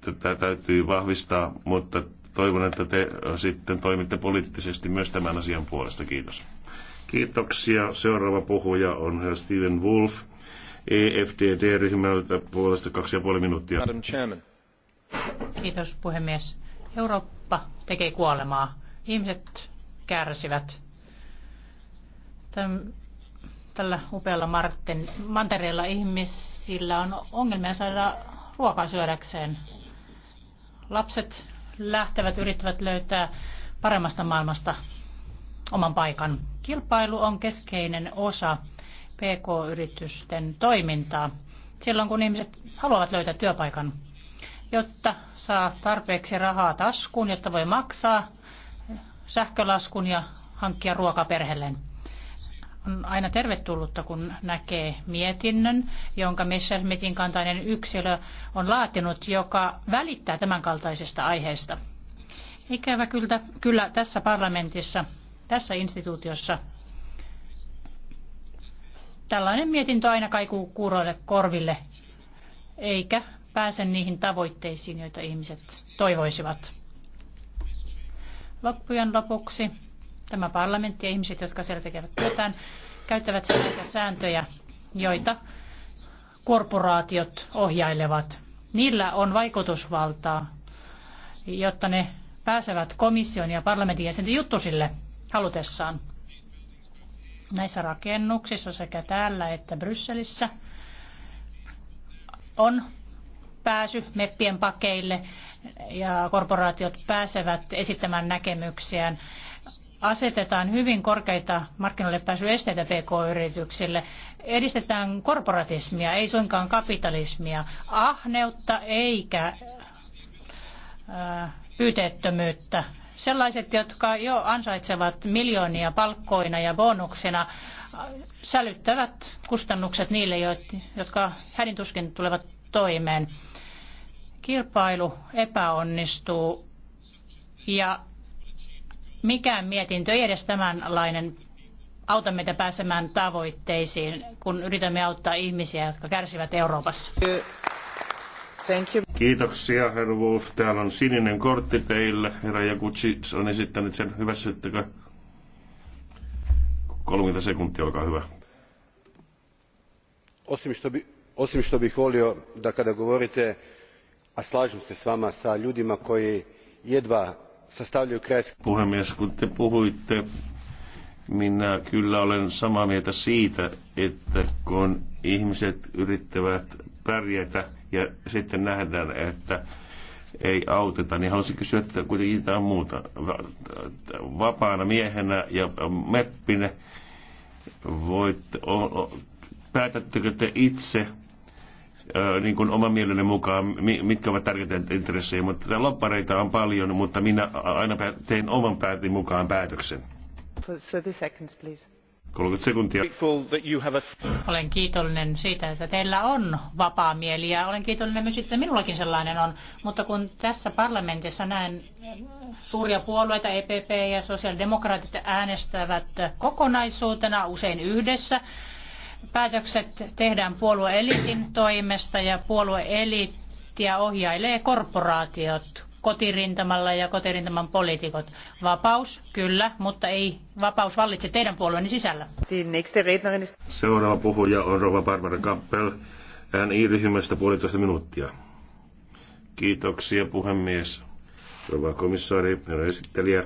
Tätä täytyy vahvistaa, mutta toivon, että te sitten toimitte poliittisesti myös tämän asian puolesta. Kiitos. Kiitoksia. Seuraava puhuja on herra Steven Wolf EFDD-ryhmältä puolesta kaksi ja puoli minuuttia. Madam Chairman. Kiitos puhemies. Eurooppa tekee kuolemaa. Ihmiset kärsivät. Täm, tällä upealla Martin, mantereella ihmisillä on ongelmia saada ruokaa syödäkseen. Lapset lähtevät, yrittävät löytää paremmasta maailmasta oman paikan. Kilpailu on keskeinen osa PK-yritysten toimintaa silloin, kun ihmiset haluavat löytää työpaikan, jotta saa tarpeeksi rahaa taskuun, jotta voi maksaa sähkölaskun ja hankkia ruoka perheelleen. On aina tervetullutta, kun näkee mietinnön, jonka Messerschmittin kantainen yksilö on laatinut, joka välittää tämänkaltaisesta aiheesta. Ikävä kyllä, kyllä tässä parlamentissa tässä instituutiossa tällainen mietintö aina kaikuu kuuroille korville, eikä pääse niihin tavoitteisiin, joita ihmiset toivoisivat. Loppujen lopuksi tämä parlamentti ja ihmiset, jotka siellä tekevät työtään, käyttävät sellaisia sääntöjä, joita korporaatiot ohjailevat. Niillä on vaikutusvaltaa, jotta ne pääsevät komission ja parlamentin jäsenten juttusille – halutessaan. Näissä rakennuksissa sekä täällä että Brysselissä on pääsy meppien pakeille ja korporaatiot pääsevät esittämään näkemyksiään. Asetetaan hyvin korkeita markkinoille pääsyesteitä PK-yrityksille. Edistetään korporatismia, ei suinkaan kapitalismia, ahneutta eikä pyyteettömyyttä sellaiset, jotka jo ansaitsevat miljoonia palkkoina ja bonuksina, sälyttävät kustannukset niille, jotka hädin tuskin tulevat toimeen. Kilpailu epäonnistuu ja mikään mietintö ei edes tämänlainen auta meitä pääsemään tavoitteisiin, kun yritämme auttaa ihmisiä, jotka kärsivät Euroopassa. Thank you. Kiitoksia, herra Wolf. Täällä on sininen kortti teille. Herra Jakutsi on esittänyt sen. Hyväksyttekö? 30 sekuntia, olkaa hyvä. Osim što, bi, osim što bih volio da kada govorite, a slažem se s vama, sa ljudima koji jedva sastavljaju kres... Puhemies, kun te puhuitte minä kyllä olen samaa mieltä siitä, että kun ihmiset yrittävät pärjätä ja sitten nähdään, että ei auteta, niin haluaisin kysyä, että kuitenkin jotain muuta. Vapaana miehenä ja meppinä o, päätättekö te itse niin kuin oman mielenne mukaan, mitkä ovat tärkeitä intressejä, mutta loppareita on paljon, mutta minä aina tein oman päätin mukaan päätöksen. For 30 seconds, please. 30 sekuntia. Olen kiitollinen siitä, että teillä on vapaa mieli ja olen kiitollinen myös, että minullakin sellainen on. Mutta kun tässä parlamentissa näen eh, suuria puolueita, EPP ja sosiaalidemokraatit äänestävät kokonaisuutena usein yhdessä, päätökset tehdään puolueelitin toimesta ja puolueelittiä ohjailee korporaatiot kotirintamalla ja kotirintaman poliitikot. Vapaus, kyllä, mutta ei vapaus vallitse teidän puolueenne sisällä. Seuraava puhuja on Rova Barbara Kappel. Hän ryhmästä puolitoista minuuttia. Kiitoksia puhemies. rouva komissaari, herra esittelijä.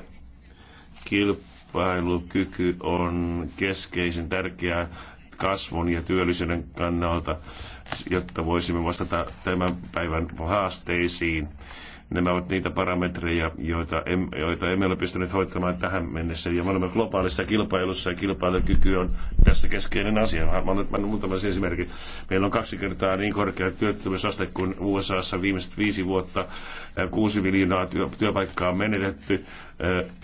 Kilpailukyky on keskeisen tärkeää kasvun ja työllisyyden kannalta, jotta voisimme vastata tämän päivän haasteisiin Nämä ovat niitä parametreja, joita, em, joita emme ole pystyneet hoitamaan tähän mennessä. Ja me olemme globaalissa kilpailussa ja kilpailukyky on tässä keskeinen asia. Mä olen muutaman esimerkin. Meillä on kaksi kertaa niin korkea työttömyysaste kuin USAssa viimeiset viisi vuotta Kuusi miljoonaa työpaikkaa on menetetty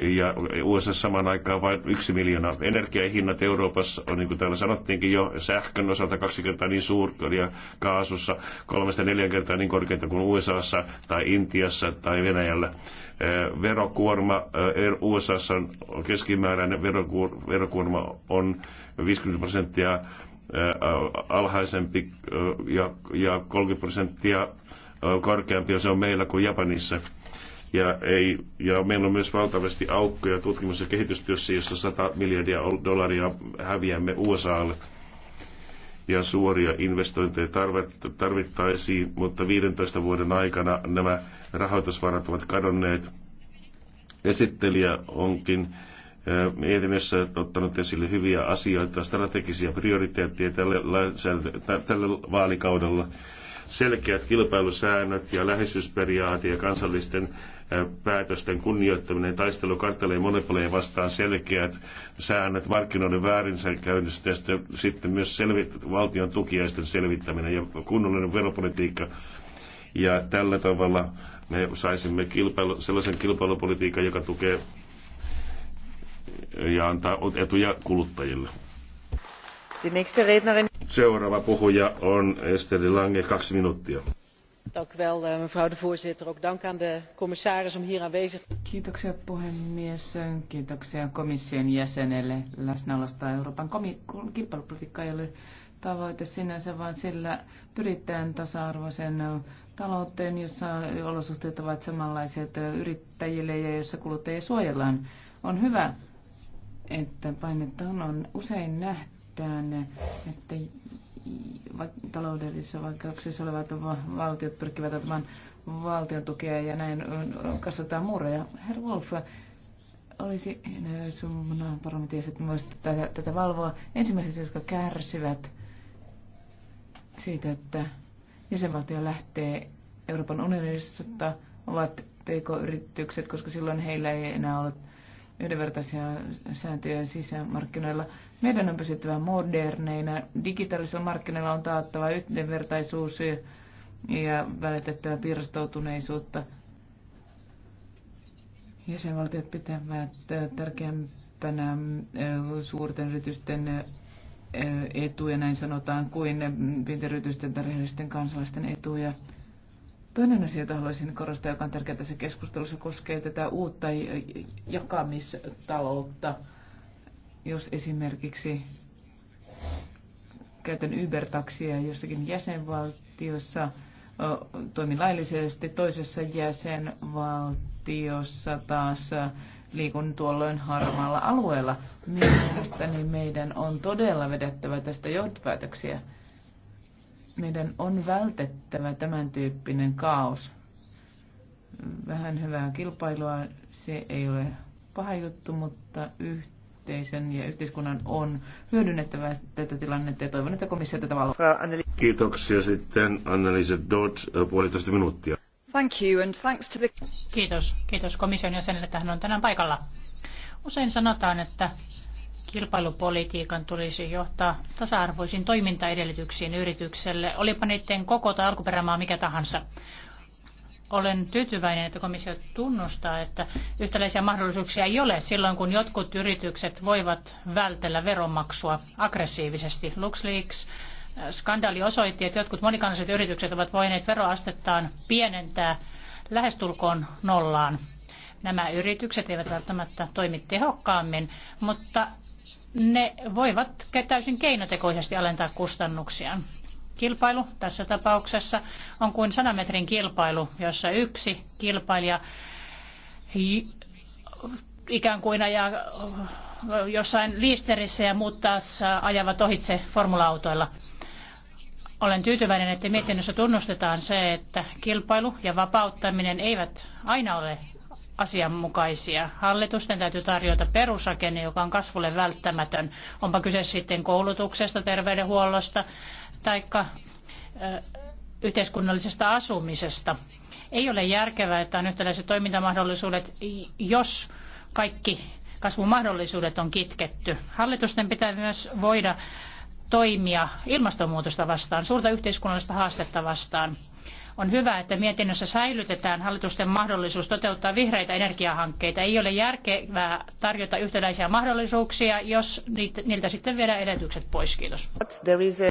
ja USA samaan aikaan vain yksi miljoonaa. Energiahinnat Euroopassa on, niin kuin täällä sanottiinkin jo, sähkön osalta kaksi kertaa niin suurta ja kaasussa kolmesta neljän kertaa niin korkeita kuin USAssa tai Intiassa tai Venäjällä. Verokuorma USAssa on keskimääräinen verokuorma on 50 prosenttia alhaisempi ja, ja 30 prosenttia korkeampi se on meillä kuin Japanissa. Ja, ei, ja meillä on myös valtavasti aukkoja tutkimus- ja kehitystyössä, jossa 100 miljardia dollaria häviämme USAlle ja suoria investointeja tarvittaisiin, mutta 15 vuoden aikana nämä rahoitusvarat ovat kadonneet. Esittelijä onkin mietinnössä ottanut esille hyviä asioita, strategisia prioriteetteja tälle, tälle vaalikaudella selkeät kilpailusäännöt ja läheisyysperiaate ja kansallisten päätösten kunnioittaminen, taistelu ja monopoleja vastaan selkeät säännöt markkinoiden väärinsäkäynnistä ja sitten myös selvi- valtion tukiaisten selvittäminen ja kunnollinen veropolitiikka. Ja tällä tavalla me saisimme kilpailu, sellaisen kilpailupolitiikan, joka tukee ja antaa etuja kuluttajille. Die nächste Rednerin Seuraava puhuja on Esteri Lange, kaksi minuuttia. Dank u wel, eh, mevrouw de voorzitter. Ook dank aan de commissaris om hier aanwezig te zijn. Kiitoksia puhemies. Kiitoksia komission jäsenelle läsnäolosta. Euroopan komi- kilpailupolitiikka ei ole tavoite sinänsä, vaan sillä pyritään tasa-arvoisen eh, talouteen, jossa olosuhteet ovat samanlaiset eh, yrittäjille ja jossa kuluttajia suojellaan. On hyvä, että painetta on usein nähty nähdään, että taloudellisissa vaikeuksissa olevat valtiot pyrkivät ottamaan valtion tukea ja näin kasvataan muureja. Herra Wolf, olisi sun parlamentin myös tätä, tätä valvoa. Ensimmäiset, jotka kärsivät siitä, että jäsenvaltio lähtee Euroopan unionista, ovat PK-yritykset, koska silloin heillä ei enää ole yhdenvertaisia sääntöjä sisämarkkinoilla. Meidän on pysyttävä moderneina. Digitaalisella markkinoilla on taattava yhdenvertaisuus ja välitettävä pirstoutuneisuutta. Jäsenvaltiot pitävät tärkeämpänä suurten yritysten etuja, näin sanotaan, kuin pienten tai kansalaisten etuja. Toinen asia, jota haluaisin korostaa, joka on tärkeää tässä keskustelussa, koskee tätä uutta jakamistaloutta – jos esimerkiksi käytän Uber-taksia jossakin jäsenvaltiossa, toimin laillisesti toisessa jäsenvaltiossa taas liikun tuolloin harmaalla alueella. Mielestäni meidän on todella vedettävä tästä johtopäätöksiä. Meidän on vältettävä tämän tyyppinen kaos. Vähän hyvää kilpailua, se ei ole paha juttu, mutta yhtä yhteisön ja yhteiskunnan on hyödynnettävä tätä tilannetta ja toivon, että komissio tätä valvoo. Kiitoksia sitten Annelise Dodd, puolitoista minuuttia. Thank you and thanks to the... Kiitos. Kiitos komission jäsenelle, että hän on tänään paikalla. Usein sanotaan, että kilpailupolitiikan tulisi johtaa tasa-arvoisiin toimintaedellytyksiin yritykselle, olipa niiden koko tai alkuperämaa mikä tahansa. Olen tyytyväinen, että komissio tunnustaa, että yhtäläisiä mahdollisuuksia ei ole silloin, kun jotkut yritykset voivat vältellä veronmaksua aggressiivisesti. LuxLeaks äh, skandaali osoitti, että jotkut monikansalliset yritykset ovat voineet veroastettaan pienentää lähestulkoon nollaan. Nämä yritykset eivät välttämättä toimi tehokkaammin, mutta ne voivat täysin keinotekoisesti alentaa kustannuksiaan. Kilpailu tässä tapauksessa on kuin 100 metrin kilpailu, jossa yksi kilpailija ikään kuin ajaa jossain liisterissä ja muut taas ajavat ohitse formula-autoilla. Olen tyytyväinen, että mietinnössä tunnustetaan se, että kilpailu ja vapauttaminen eivät aina ole asianmukaisia. Hallitusten täytyy tarjota perusrakenne, joka on kasvulle välttämätön. Onpa kyse sitten koulutuksesta, terveydenhuollosta, tai yhteiskunnallisesta asumisesta. Ei ole järkevää, että on yhtäläiset toimintamahdollisuudet, jos kaikki kasvumahdollisuudet on kitketty. Hallitusten pitää myös voida toimia ilmastonmuutosta vastaan, suurta yhteiskunnallista haastetta vastaan. On hyvä, että mietinnössä säilytetään hallitusten mahdollisuus toteuttaa vihreitä energiahankkeita. Ei ole järkevää tarjota yhtäläisiä mahdollisuuksia, jos niiltä sitten viedään edellytykset pois. Kiitos.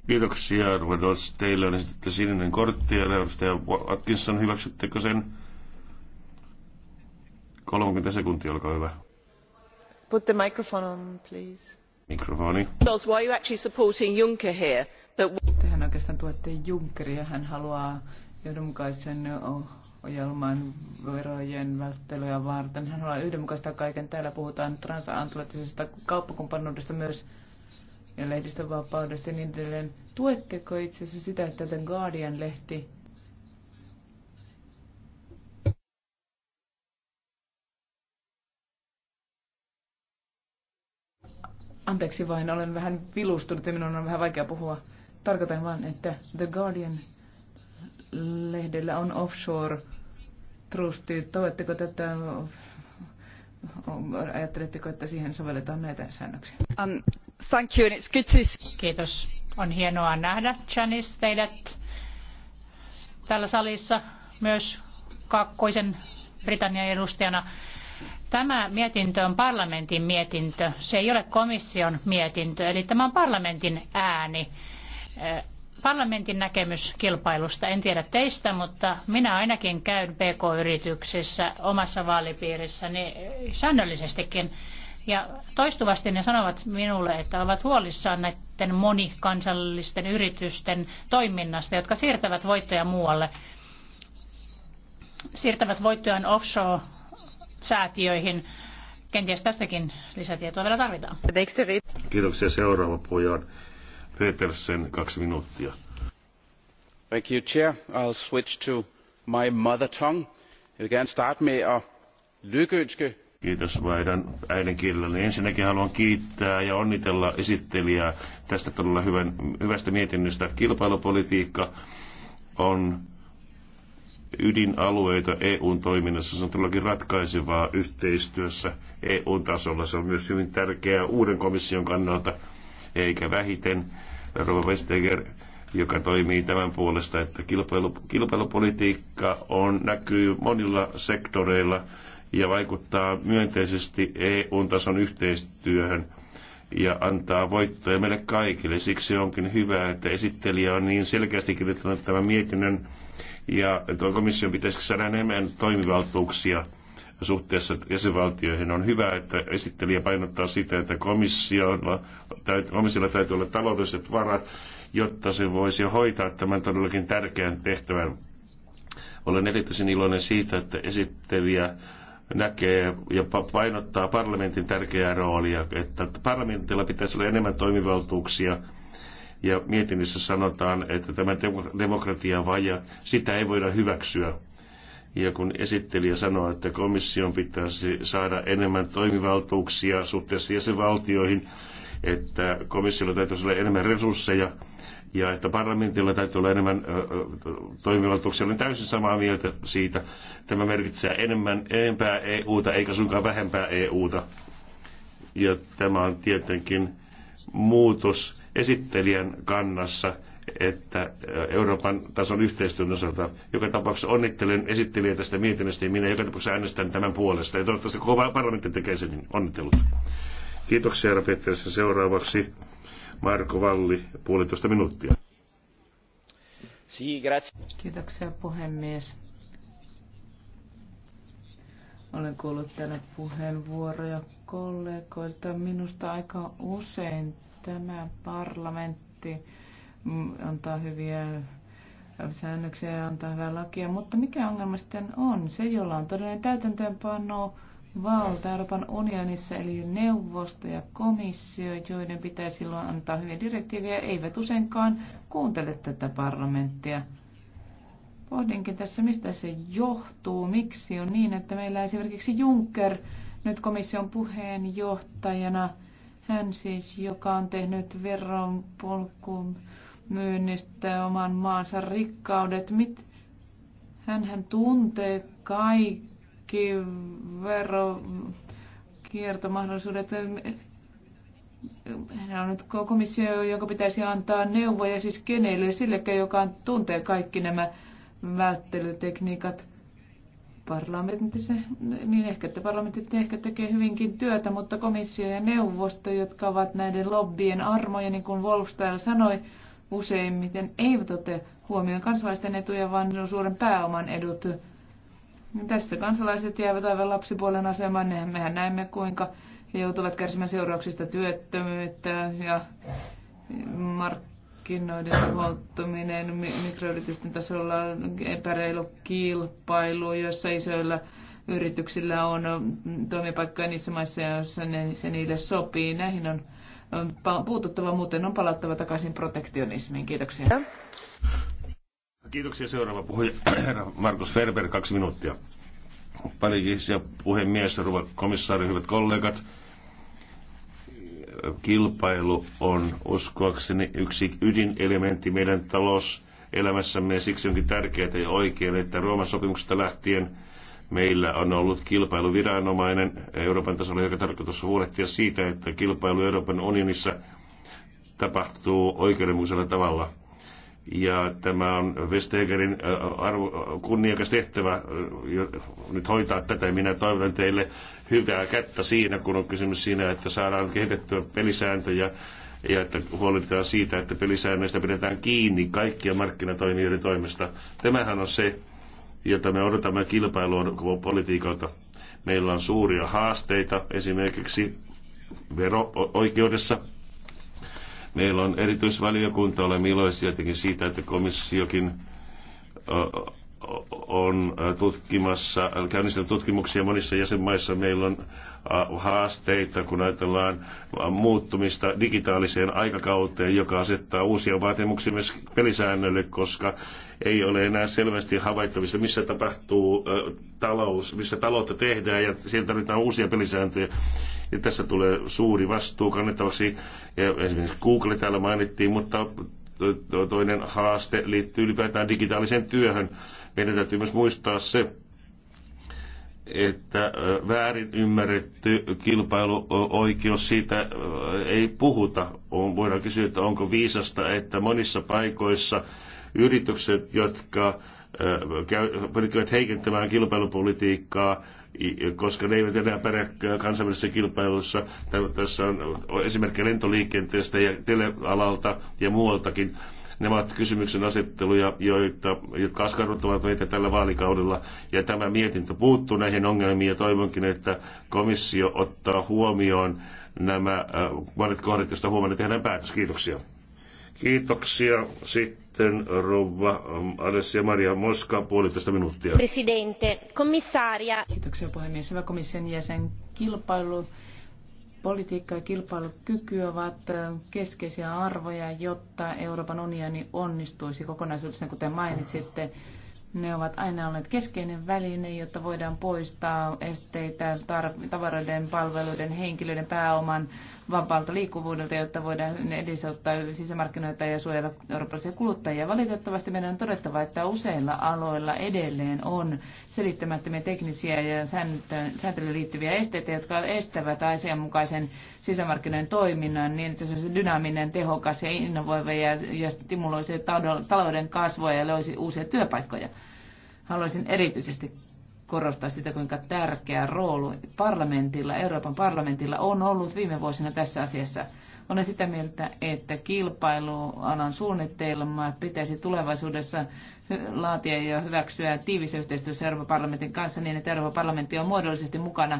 Kiitoksia, on sininen kortti ja edustaja Atkinson, hyväksyttekö sen? 30 sekuntia, olkaa hyvä. Put the microphone on, please. Mikrofoni. Why are you actually supporting Juncker here? But... Tehän oikeastaan tuette Junckeria. Hän haluaa yhdenmukaisen ohjelman verojen välttelyä varten. Hän on yhdenmukaista kaiken. Täällä puhutaan transatlanttisesta kauppakumppanuudesta myös ja lehdistönvapaudesta ja niin edelleen. Tuetteko itse asiassa sitä, että The Guardian-lehti Anteeksi vain, olen vähän vilustunut ja minun on vähän vaikea puhua. Tarkoitan vain, että The Guardian lehdellä on offshore trusti. Toivotteko tätä, ajatteletteko, että siihen sovelletaan näitä säännöksiä? Um, thank you, it's good to... Kiitos. On hienoa nähdä, Janice, teidät täällä salissa myös kakkoisen Britannian edustajana. Tämä mietintö on parlamentin mietintö, se ei ole komission mietintö, eli tämä on parlamentin ääni parlamentin näkemys kilpailusta. En tiedä teistä, mutta minä ainakin käyn PK-yrityksissä omassa vaalipiirissäni säännöllisestikin. Ja toistuvasti ne sanovat minulle, että ovat huolissaan näiden monikansallisten yritysten toiminnasta, jotka siirtävät voittoja muualle. Siirtävät voittojaan offshore-säätiöihin. Kenties tästäkin lisätietoa vielä tarvitaan. Kiitoksia. Seuraava puhuja Petersen, kaksi minuuttia. Thank you, Chair. I'll switch to my mother tongue. Jeg vil gerne starte med at Kiitos meidän äidinkielelläni. Ensinnäkin haluan kiittää ja onnitella esittelijää tästä todella hyvän, hyvästä mietinnöstä. Kilpailupolitiikka on ydinalueita EUn toiminnassa. Se on todellakin ratkaisevaa yhteistyössä EUn tasolla. Se on myös hyvin tärkeää uuden komission kannalta, eikä vähiten Rova Vestager, joka toimii tämän puolesta, että kilpailu, kilpailupolitiikka on, näkyy monilla sektoreilla ja vaikuttaa myönteisesti EU-tason yhteistyöhön ja antaa voittoja meille kaikille. Siksi onkin hyvä, että esittelijä on niin selkeästi kirjoittanut tämän mietinnön ja tuo komission pitäisi saada enemmän toimivaltuuksia – suhteessa jäsenvaltioihin. On hyvä, että esittelijä painottaa sitä, että komissiolla, täytyy olla taloudelliset varat, jotta se voisi hoitaa tämän todellakin tärkeän tehtävän. Olen erityisen iloinen siitä, että esittelijä näkee ja painottaa parlamentin tärkeää roolia, että parlamentilla pitäisi olla enemmän toimivaltuuksia ja mietinnössä sanotaan, että tämä demokratiavaja, sitä ei voida hyväksyä. Ja kun esittelijä sanoi, että komission pitäisi saada enemmän toimivaltuuksia suhteessa jäsenvaltioihin, että komissiolla täytyisi olla enemmän resursseja ja että parlamentilla täytyy olla enemmän toimivaltuuksia. Olen täysin samaa mieltä siitä. Tämä merkitsee enemmän, enempää EUta eikä suinkaan vähempää EUta. Ja tämä on tietenkin muutos esittelijän kannassa – että äh, Euroopan tason yhteistyön osalta. Joka tapauksessa onnittelen esittelijä tästä mietinnöstä ja minä joka tapauksessa äänestän tämän puolesta. Ja toivottavasti koko parlamentti tekee sen. Onnittelut. Kiitoksia, herra Petterissä. Seuraavaksi Marko Valli, puolitoista minuuttia. Kiitoksia, puhemies. Olen kuullut täällä puheenvuoroja kollegoilta. Minusta aika usein tämä parlamentti Mm, antaa hyviä säännöksiä ja antaa hyvää lakia, mutta mikä ongelma sitten on? Se, jolla on todellinen täytäntöönpano valta Euroopan unionissa, eli neuvosto ja komissio, joiden pitää silloin antaa hyviä direktiivejä, eivät useinkaan kuuntele tätä parlamenttia. Pohdinkin tässä, mistä se johtuu, miksi on niin, että meillä esimerkiksi Juncker nyt komission puheenjohtajana, hän siis, joka on tehnyt veronpolkuun myynnistä oman maansa rikkaudet. Mit, hänhän tuntee kaikki verokiertomahdollisuudet. Hän on nyt komissio, joka pitäisi antaa neuvoja siis kenelle, sillekään, joka tuntee kaikki nämä välttelytekniikat parlamentissa, niin ehkä että parlamentit ehkä tekee hyvinkin työtä, mutta komissio ja neuvosto, jotka ovat näiden lobbien armoja, niin kuin Wolfstein sanoi, useimmiten eivät ote huomioon kansalaisten etuja, vaan suuren pääoman edut. Tässä kansalaiset jäävät aivan lapsipuolen asemaan. Mehän näemme, kuinka he joutuvat kärsimään seurauksista työttömyyttä ja markkinoiden huoltuminen mikroyritysten tasolla, epäreilu kilpailu, jossa isoilla yrityksillä on toimipaikkoja niissä maissa, joissa ne, se niille sopii. Näihin on puututtava, muuten on palattava takaisin protektionismiin. Kiitoksia. Kiitoksia. Seuraava puhuja, <clears throat> herra Markus Ferber, kaksi minuuttia. Paljon kiitoksia puhemies, rouva komissaari, hyvät kollegat kilpailu on uskoakseni yksi ydinelementti meidän talouselämässämme ja siksi onkin tärkeää ja oikein, että Rooman sopimuksesta lähtien Meillä on ollut kilpailuviranomainen Euroopan tasolla, joka tarkoitus huolehtia siitä, että kilpailu Euroopan unionissa tapahtuu oikeudenmukaisella tavalla. Ja tämä on Vestegerin äh, kunniakas tehtävä äh, nyt hoitaa tätä. Minä toivon teille hyvää kättä siinä, kun on kysymys siinä, että saadaan kehitettyä pelisääntöjä ja että huolehditaan siitä, että pelisäännöistä pidetään kiinni kaikkia markkinatoimijoiden toimesta. Tämähän on se, jota me odotamme kilpailua politiikalta. Meillä on suuria haasteita esimerkiksi vero-oikeudessa. Meillä on erityisvaliokunta, olemme iloisia jotenkin siitä, että komissiokin on tutkimassa, käynnistänyt tutkimuksia monissa jäsenmaissa. Meillä on haasteita, kun ajatellaan muuttumista digitaaliseen aikakauteen, joka asettaa uusia vaatimuksia myös pelisäännöille, koska ei ole enää selvästi havaittavissa, missä tapahtuu talous, missä taloutta tehdään ja sieltä tarvitaan uusia pelisääntöjä. Ja tässä tulee suuri vastuu kannettavaksi. Ja esimerkiksi Google täällä mainittiin, mutta toinen haaste liittyy ylipäätään digitaaliseen työhön. Meidän täytyy myös muistaa se, että väärin ymmärretty kilpailuoikeus, siitä ei puhuta. On, voidaan kysyä, että onko viisasta, että monissa paikoissa yritykset, jotka pyrkivät heikentämään kilpailupolitiikkaa, koska ne eivät enää pärjää kansainvälisessä kilpailussa. Tässä on esimerkki lentoliikenteestä ja telealalta ja muualtakin ne ovat kysymyksen asetteluja, joita, jotka askarruttavat meitä tällä vaalikaudella. Ja tämä mietintö puuttuu näihin ongelmiin ja toivonkin, että komissio ottaa huomioon nämä äh, monet kohdat, joista huomenna tehdään päätös. Kiitoksia. Kiitoksia. Sitten rouva ähm, Alessia Maria Moska, puolitoista minuuttia. Presidente, komissaria. Kiitoksia puhemies. Hyvä komission jäsen. Kilpailu Politiikka ja kilpailukyky ovat keskeisiä arvoja, jotta Euroopan unioni onnistuisi kokonaisuudessaan, kuten mainitsitte. Ne ovat aina olleet keskeinen väline, jotta voidaan poistaa esteitä tavaroiden, palveluiden, henkilöiden, pääoman, vapaalta liikkuvuudelta, jotta voidaan edesauttaa sisämarkkinoita ja suojella eurooppalaisia kuluttajia. Valitettavasti meidän on todettava, että useilla aloilla edelleen on selittämättömiä teknisiä ja sääntelyyn liittyviä esteitä, jotka estävät asianmukaisen sisämarkkinoiden toiminnan niin, että se olisi dynaaminen, tehokas ja innovoiva ja, ja stimuloisi talouden kasvua ja löysi uusia työpaikkoja. Haluaisin erityisesti korostaa sitä, kuinka tärkeä rooli parlamentilla, Euroopan parlamentilla on ollut viime vuosina tässä asiassa. Olen sitä mieltä, että kilpailualan suunnitelmat pitäisi tulevaisuudessa laatia ja hyväksyä tiivissä yhteistyössä Euroopan parlamentin kanssa niin, että Euroopan parlamentti on muodollisesti mukana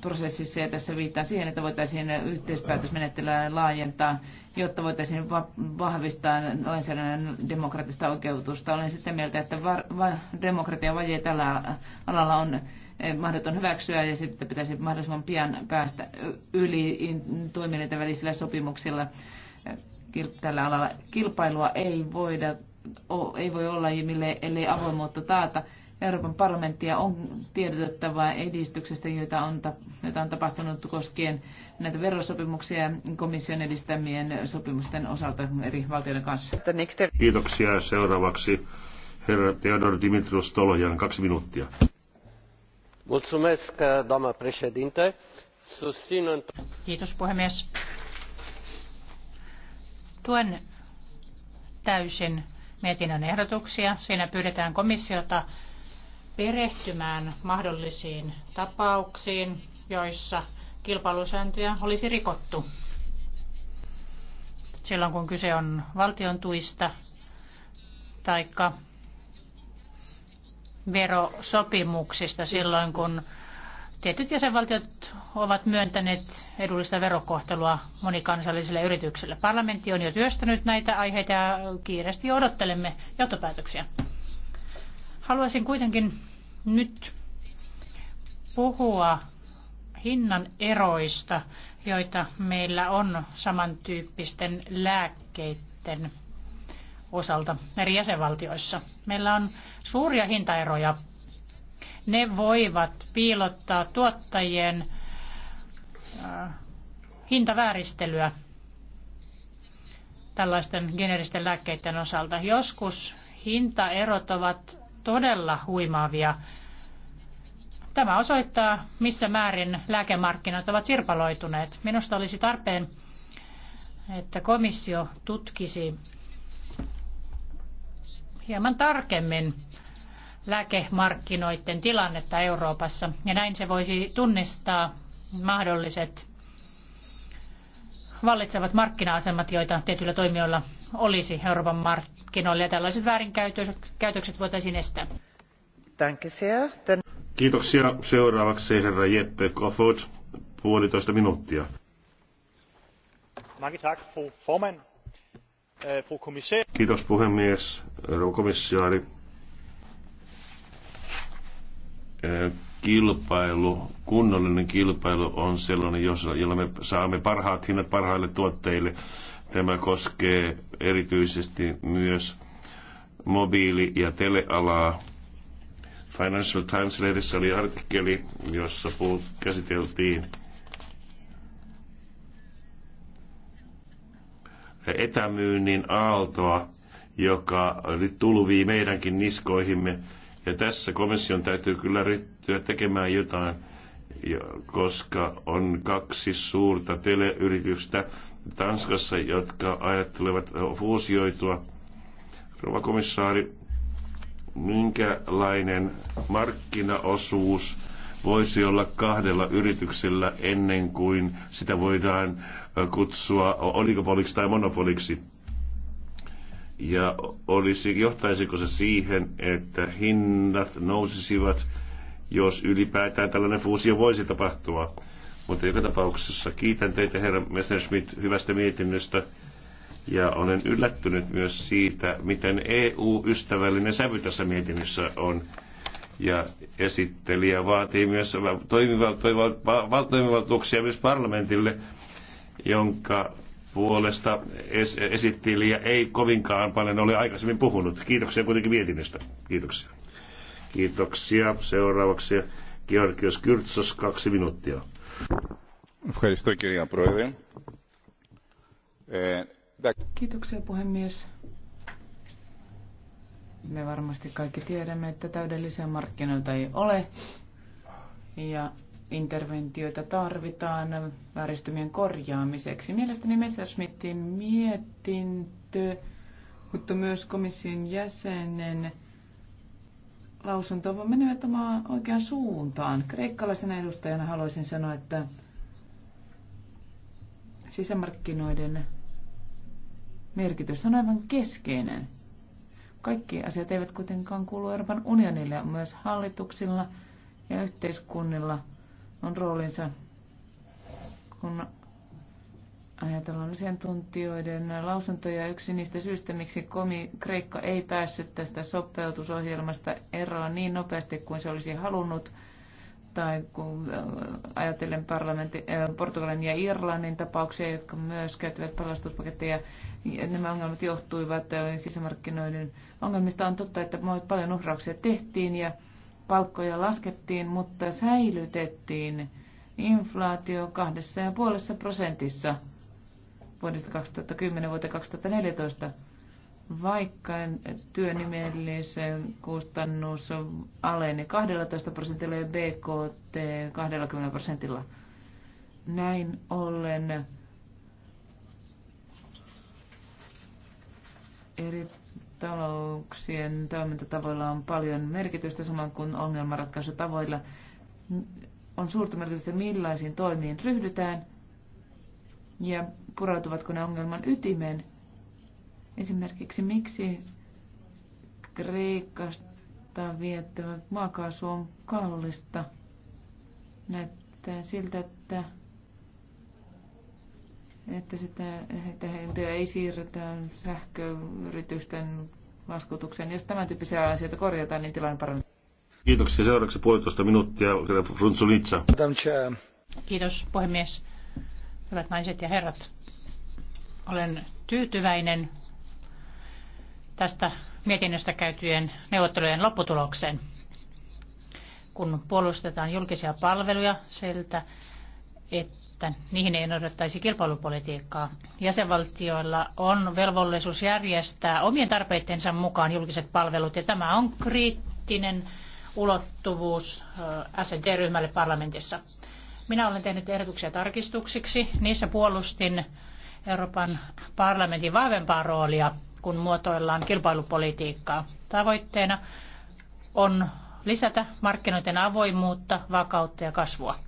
prosessissa ja tässä viittaan siihen, että voitaisiin yhteispäätösmenettelyä laajentaa, jotta voitaisiin vahvistaa lainsäädännön demokraattista oikeutusta. Olen sitä mieltä, että var- va- demokratiavaje tällä alalla on eh, mahdoton hyväksyä ja sitten pitäisi mahdollisimman pian päästä yli toimijoiden välisillä sopimuksilla tällä alalla. Kilpailua ei, voida, ei voi olla, ellei avoimuutta taata Euroopan parlamenttia on tiedotettava edistyksestä, joita on, joita on tapahtunut koskien näitä verosopimuksia komission edistämien sopimusten osalta eri valtioiden kanssa. Kiitoksia. Seuraavaksi herra Theodor Dimitrios Tolojan, kaksi minuuttia. Kiitos, puhemies. Tuen täysin mietinnön ehdotuksia. Siinä pyydetään komissiota perehtymään mahdollisiin tapauksiin, joissa kilpailusääntöjä olisi rikottu. Silloin kun kyse on valtion tuista tai verosopimuksista, silloin kun tietyt jäsenvaltiot ovat myöntäneet edullista verokohtelua monikansallisille yrityksille. Parlamentti on jo työstänyt näitä aiheita ja kiireesti odottelemme johtopäätöksiä. Haluaisin kuitenkin nyt puhua hinnan eroista, joita meillä on samantyyppisten lääkkeiden osalta eri jäsenvaltioissa. Meillä on suuria hintaeroja. Ne voivat piilottaa tuottajien äh, hintavääristelyä tällaisten geneeristen lääkkeiden osalta. Joskus hintaerot ovat todella huimaavia. Tämä osoittaa, missä määrin lääkemarkkinat ovat sirpaloituneet. Minusta olisi tarpeen, että komissio tutkisi hieman tarkemmin lääkemarkkinoiden tilannetta Euroopassa. Ja näin se voisi tunnistaa mahdolliset vallitsevat markkina-asemat, joita tietyillä toimijoilla olisi Euroopan markkinoille ja tällaiset väärinkäytökset voitaisiin estää. Kiitoksia. Seuraavaksi herra Jeppe Kofod, puolitoista minuuttia. Øh, Kiitos puhemies, rouva komissaari. Äh, kilpailu, kunnollinen kilpailu on sellainen, jolla me saamme parhaat hinnat parhaille tuotteille Tämä koskee erityisesti myös mobiili- ja telealaa. Financial Times-lehdessä oli artikkeli, jossa puhut, käsiteltiin etämyynnin aaltoa, joka nyt tulvii meidänkin niskoihimme. Ja tässä komission täytyy kyllä ryhtyä tekemään jotain, koska on kaksi suurta teleyritystä, Tanskassa, jotka ajattelevat fuusioitua. Rouva komissaari, minkälainen markkinaosuus voisi olla kahdella yrityksellä ennen kuin sitä voidaan kutsua oligopoliksi tai monopoliksi? Ja olisi, johtaisiko se siihen, että hinnat nousisivat, jos ylipäätään tällainen fuusio voisi tapahtua? Mutta joka tapauksessa kiitän teitä, herra Messerschmidt, hyvästä mietinnöstä. Ja olen yllättynyt myös siitä, miten EU-ystävällinen sävy tässä mietinnössä on. Ja esittelijä vaatii myös toimivaltuuksia myös parlamentille, jonka puolesta es, esittelijä ei kovinkaan paljon ole aikaisemmin puhunut. Kiitoksia kuitenkin mietinnöstä. Kiitoksia. Kiitoksia. Seuraavaksi Georgios Kyrtsos, kaksi minuuttia. Kiitoksia puhemies. Me varmasti kaikki tiedämme, että täydellisiä markkinoita ei ole ja interventioita tarvitaan vääristymien korjaamiseksi. Mielestäni Messerschmittin mietintö, mutta myös komission jäsenen lausuntoa on mennä tämän oikeaan suuntaan. Kreikkalaisena edustajana haluaisin sanoa, että sisämarkkinoiden merkitys on aivan keskeinen. Kaikki asiat eivät kuitenkaan kuulu Euroopan unionille, myös hallituksilla ja yhteiskunnilla on roolinsa, kun Ajatellaan asiantuntijoiden lausuntoja yksi niistä syistä, miksi komi Kreikka ei päässyt tästä sopeutusohjelmasta eroon niin nopeasti kuin se olisi halunnut, tai kun äh, ajatellen parlamentti, äh, Portugalin ja Irlannin tapauksia, jotka myös käyttävät palastuspaketteja, nämä ongelmat johtuivat äh, sisämarkkinoiden ongelmista. On totta, että paljon uhrauksia tehtiin ja palkkoja laskettiin, mutta säilytettiin inflaatio kahdessa ja puolessa prosentissa – vuodesta 2010 vuoteen 2014, vaikka työnimellisen kustannus aleni 12 prosentilla ja BKT 20 prosentilla. Näin ollen eri talouksien toimintatavoilla on paljon merkitystä, samoin kuin ongelmanratkaisutavoilla. On suurta merkitystä, millaisiin toimiin ryhdytään ja purautuvatko ne ongelman ytimeen. Esimerkiksi miksi Kreikasta viettävä maakaasu on kallista. Näyttää siltä, että, että, sitä, että heiltä ei siirretä sähköyritysten laskutukseen. Jos tämän tyyppisiä asioita korjataan, niin tilanne paranee. Kiitoksia. Seuraavaksi puolitoista minuuttia. Frunzulitsa. Kiitos puhemies. Hyvät naiset ja herrat. Olen tyytyväinen tästä mietinnöstä käytyjen neuvottelujen lopputulokseen. Kun puolustetaan julkisia palveluja siltä, että niihin ei noudattaisi kilpailupolitiikkaa. Jäsenvaltioilla on velvollisuus järjestää omien tarpeittensa mukaan julkiset palvelut, ja tämä on kriittinen ulottuvuus SNT-ryhmälle parlamentissa. Minä olen tehnyt ehdotuksia tarkistuksiksi. Niissä puolustin Euroopan parlamentin vahvempaa roolia, kun muotoillaan kilpailupolitiikkaa. Tavoitteena on lisätä markkinoiden avoimuutta, vakautta ja kasvua.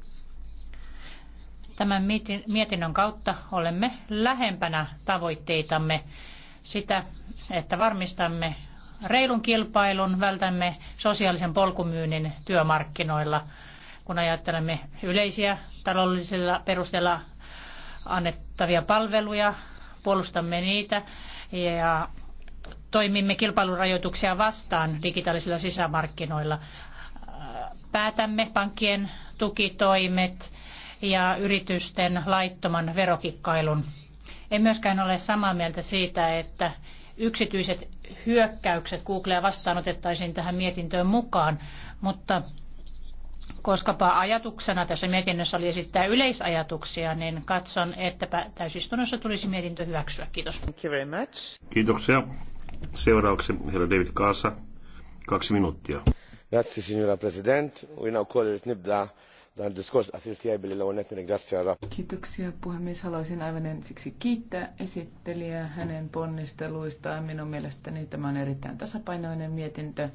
Tämän mietinnön kautta olemme lähempänä tavoitteitamme sitä, että varmistamme reilun kilpailun, vältämme sosiaalisen polkumyynnin työmarkkinoilla, kun ajattelemme yleisiä taloudellisilla perusteella annettavia palveluja, puolustamme niitä ja toimimme kilpailurajoituksia vastaan digitaalisilla sisämarkkinoilla. Päätämme pankkien tukitoimet ja yritysten laittoman verokikkailun. En myöskään ole samaa mieltä siitä, että yksityiset hyökkäykset Googlea vastaan otettaisiin tähän mietintöön mukaan, mutta Koskapa ajatuksena tässä mietinnössä oli esittää yleisajatuksia, niin katson, että täysistunnossa tulisi mietintö hyväksyä. Kiitos. Thank you very much. Kiitoksia. Seuraavaksi herra David Kaasa, kaksi minuuttia. Grazie, signora President. We now call it discourse Kiitoksia puhemies. Haluaisin aivan ensiksi kiittää esittelijää hänen ponnisteluistaan. Minun mielestäni tämä on erittäin tasapainoinen mietintö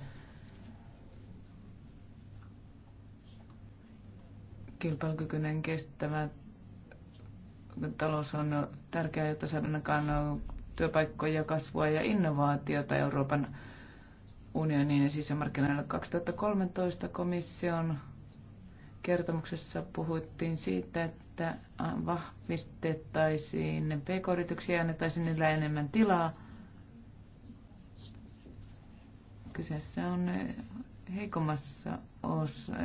kilpailukykyinen kestävä talous on tärkeää, jotta saadaan aikaan työpaikkoja, kasvua ja innovaatiota Euroopan unionin ja sisämarkkinoilla. 2013 komission kertomuksessa puhuttiin siitä, että vahvistettaisiin pk-yrityksiä ja annettaisiin niillä enemmän tilaa. Kyseessä on heikommassa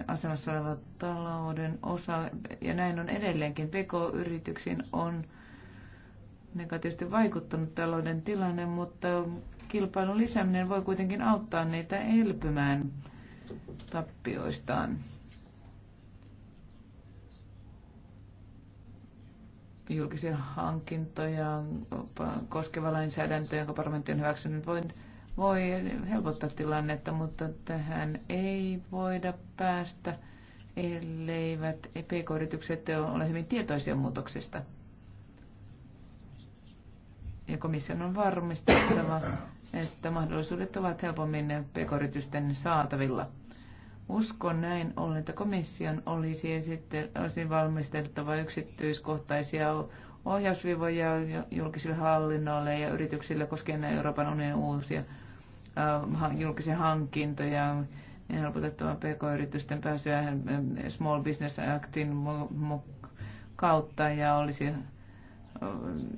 asemassa oleva talouden osa, ja näin on edelleenkin. PK-yrityksiin on negatiivisesti vaikuttanut talouden tilanne, mutta kilpailun lisääminen voi kuitenkin auttaa niitä elpymään tappioistaan. Julkisia hankintoja koskeva lainsäädäntö, jonka parlamentti on hyväksynyt, voi voi helpottaa tilannetta, mutta tähän ei voida päästä, elleivät epk yritykset ole hyvin tietoisia muutoksista. Ja komission on varmistettava, että mahdollisuudet ovat helpommin pk-yritysten saatavilla. Uskon näin ollen, että komission olisi, esitte, olisi valmisteltava yksityiskohtaisia ohjausvivoja julkisille hallinnoille ja yrityksille koskien Euroopan unionin uusia Äh, julkisia hankintoja, helpotettavan pk-yritysten pääsyä äh, Small Business Actin kautta ja olisi äh,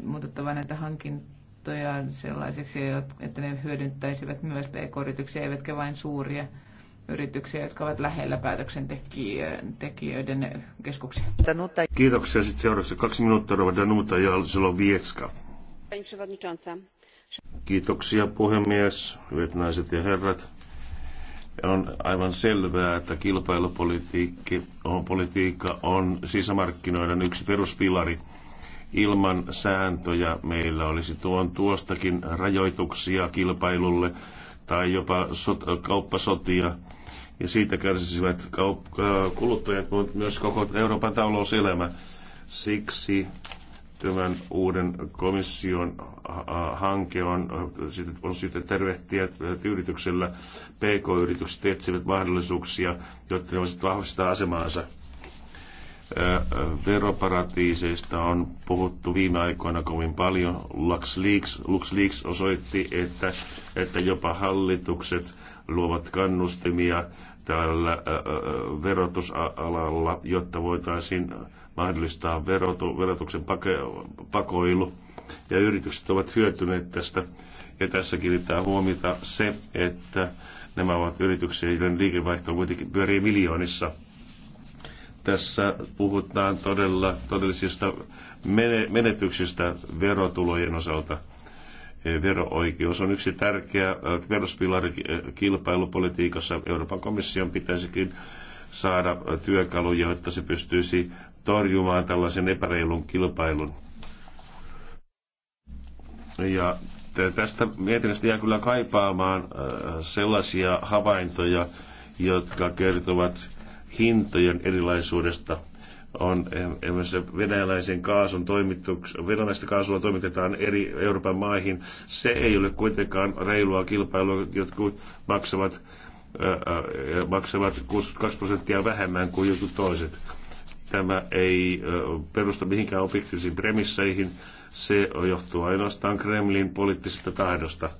muutettava näitä hankintoja sellaisiksi, että ne hyödyntäisivät myös pk-yrityksiä, eivätkä vain suuria yrityksiä, jotka ovat lähellä päätöksentekijöiden keskuksia. Kiitoksia. Sitten seuraavaksi kaksi minuuttia Danuta ja vietska Pani przewodnicząca. Kiitoksia puhemies, hyvät naiset ja herrat. On aivan selvää, että kilpailupolitiikki on, politiikka on sisämarkkinoiden yksi peruspilari. Ilman sääntöjä meillä olisi tuon tuostakin rajoituksia kilpailulle tai jopa sot, kauppasotia. Ja siitä kärsisivät kaup- äh, kuluttajat, mutta myös koko Euroopan talouselämä. Siksi tämän uuden komission hanke on, on syytä tervehtiä yrityksellä. PK-yritykset etsivät mahdollisuuksia, jotta ne voisivat vahvistaa asemaansa. Veroparatiiseista on puhuttu viime aikoina kovin paljon. LuxLeaks, LuxLeaks osoitti, että, että jopa hallitukset luovat kannustimia tällä verotusalalla, jotta voitaisiin mahdollistaa verotu, verotuksen pake, pakoilu, ja yritykset ovat hyötyneet tästä. Ja tässä kiinnittää huomiota se, että nämä ovat yrityksiä, joiden liikevaihto kuitenkin pyörii miljoonissa. Tässä puhutaan todella todellisista menetyksistä verotulojen osalta vero-oikeus on yksi tärkeä peruspilari kilpailupolitiikassa. Euroopan komission pitäisikin saada työkaluja, jotta se pystyisi torjumaan tällaisen epäreilun kilpailun. Ja tästä mietinnöstä jää kyllä kaipaamaan äh, sellaisia havaintoja, jotka kertovat hintojen erilaisuudesta. On esimerkiksi venäläisen kaasun venäläistä kaasua toimitetaan eri Euroopan maihin. Se ei ole kuitenkaan reilua kilpailua. Jotkut maksavat, äh, äh, maksavat 62 prosenttia vähemmän kuin jotkut toiset Tämä ei perusta mihinkään objektiivisiin premisseihin. Se johtuu ainoastaan Kremlin poliittisesta tahdosta.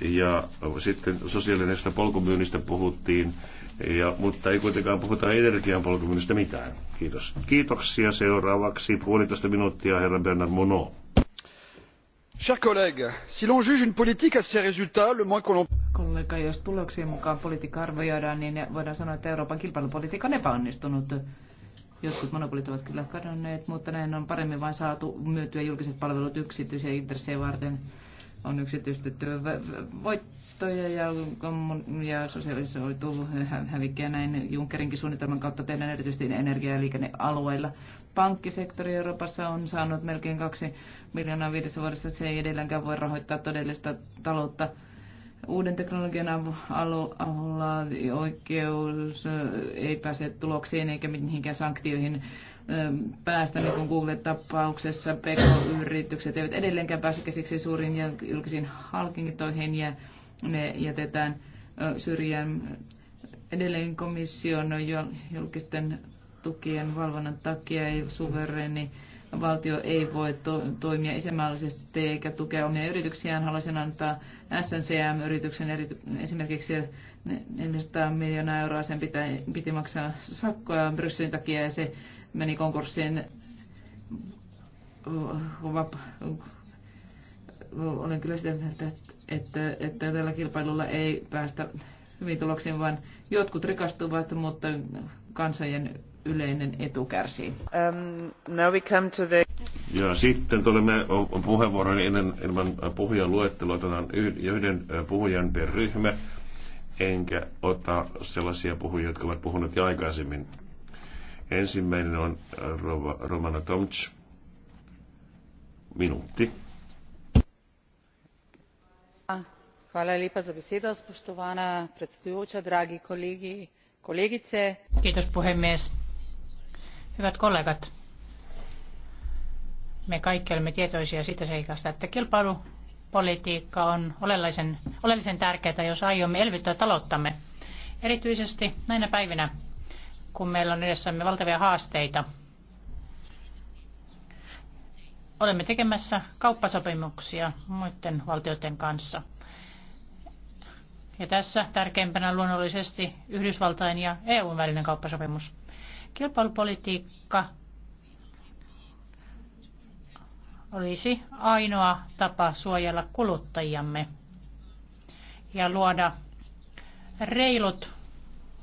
Ja sitten sosiaalisesta polkumyynnistä puhuttiin, ja, mutta ei kuitenkaan puhuta energian polkumyynnistä mitään. Kiitos. Kiitoksia. Seuraavaksi puolitoista minuuttia herra Bernard Monod chers collègues si l'on juge une politique à ses résultats le moins que l'on. kollega jos tuloksien mukaan politiikka arvioidaan niin voidaan sanoa että euroopan kilpailupolitiikka on epäonnistunut. Jotkut monopolit ovat kyllä kadonneet, mutta näin on paremmin vain saatu myytyä julkiset palvelut yksityisiä intressejä varten. On yksityistetty voittoja ja, ja sosiaalisoitu hävikkiä näin Junckerinkin suunnitelman kautta tehdään erityisesti energia- ja liikennealueilla pankkisektori Euroopassa on saanut melkein kaksi miljoonaa viidessä vuodessa. Se ei edelleenkään voi rahoittaa todellista taloutta. Uuden teknologian avulla oikeus ei pääse tuloksiin eikä mihinkään sanktioihin päästä, niin kuin Google-tapauksessa PK-yritykset eivät edelleenkään pääse käsiksi suuriin julkisiin halkintoihin ja ne jätetään syrjään edelleen komission julkisten tukien valvonnan takia ei suvereeni valtio ei voi to- toimia isämaallisesti eikä tukea omia yrityksiään. Haluaisin antaa SNCM-yrityksen eri- esimerkiksi 400 miljoonaa euroa. Sen pitä- piti maksaa sakkoja Brysselin takia ja se meni konkurssiin. Olen kyllä sitä mieltä, että, että tällä kilpailulla ei päästä hyvin tuloksiin, vaan jotkut rikastuvat, mutta kansojen yleinen etu kärsii. Um, now we come to the... Ja sitten tulemme puheenvuoron ennen, ilman puhujan luettelua. Otetaan yhden puhujan per ryhmä, enkä ota sellaisia puhujia, jotka ovat puhuneet jo aikaisemmin. Ensimmäinen on Romana Tomč. Minuutti. Hvala lepa za besedo, spoštovana predsedujoča, dragi kolegi, kolegice. Kiitos puhemies Hyvät kollegat, me kaikki olemme tietoisia siitä seikasta, että kilpailupolitiikka on oleellisen, oleellisen tärkeää, jos aiomme elvyttää talouttamme. Erityisesti näinä päivinä, kun meillä on edessämme valtavia haasteita. Olemme tekemässä kauppasopimuksia muiden valtioiden kanssa. Ja tässä tärkeimpänä luonnollisesti Yhdysvaltain ja EUn välinen kauppasopimus. Kilpailupolitiikka olisi ainoa tapa suojella kuluttajiamme ja luoda reilut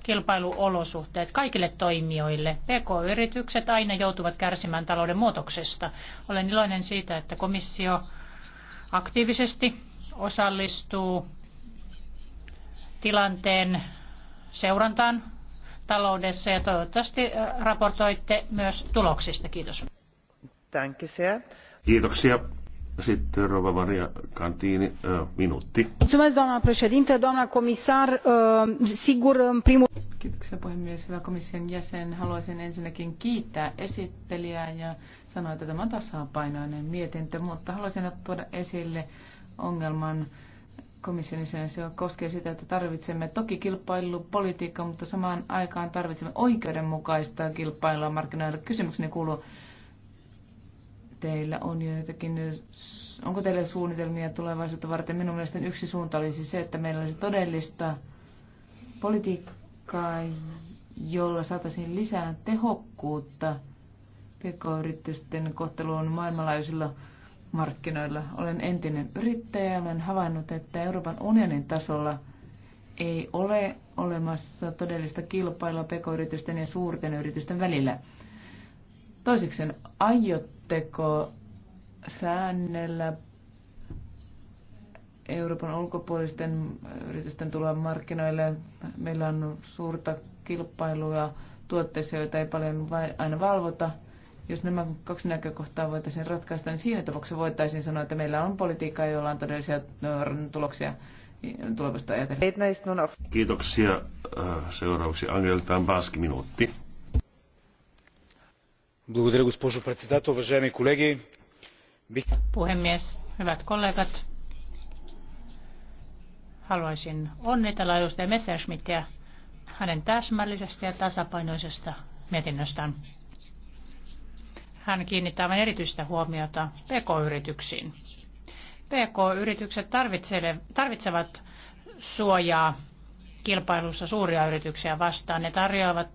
kilpailuolosuhteet kaikille toimijoille. PK-yritykset aina joutuvat kärsimään talouden muutoksesta. Olen iloinen siitä, että komissio aktiivisesti osallistuu tilanteen seurantaan taloudessa ja toivottavasti raportoitte myös tuloksista. Kiitos. Kiitoksia. Sitten Rova Maria Cantini, minuutti. Mulțumesc, doamna președinte, doamna comisar, sigur, în primul... Kiitoksia puhemies, hyvä komission jäsen. Haluaisin ensinnäkin kiittää esittelijää ja sanoa, että tämä on tasapainoinen mietintö, mutta haluaisin tuoda esille ongelman komission se koskee sitä, että tarvitsemme toki kilpailupolitiikkaa, mutta samaan aikaan tarvitsemme oikeudenmukaista kilpailua markkinoilla. Kysymykseni kuuluu, teillä on jo jotakin, onko teillä suunnitelmia tulevaisuutta varten? Minun mielestäni yksi suunta olisi se, että meillä olisi todellista politiikkaa, jolla saataisiin lisää tehokkuutta pk-yritysten kohteluun maailmanlaajuisilla markkinoilla. Olen entinen yrittäjä ja olen havainnut, että Euroopan unionin tasolla ei ole olemassa todellista kilpailua pk-yritysten ja suurten yritysten välillä. Toiseksi aiotteko säännellä Euroopan ulkopuolisten yritysten tulla markkinoille? Meillä on suurta kilpailua tuotteissa, joita ei paljon aina valvota. Jos nämä kaksi näkökohtaa voitaisiin ratkaista, niin siinä tapauksessa voitaisiin sanoa, että meillä on politiikkaa, jolla on todellisia äh, tuloksia äh, tulevasta ajatellen. Kiitoksia. Äh, seuraavaksi Angel Tambaski minuutti. Puhemies, hyvät kollegat, haluaisin onnitella edustaja Messerschmittiä hänen täsmällisestä ja tasapainoisesta mietinnöstään. Hän kiinnittää vain erityistä huomiota pk-yrityksiin. PK-yritykset tarvitsevat suojaa kilpailussa suuria yrityksiä vastaan. Ne tarjoavat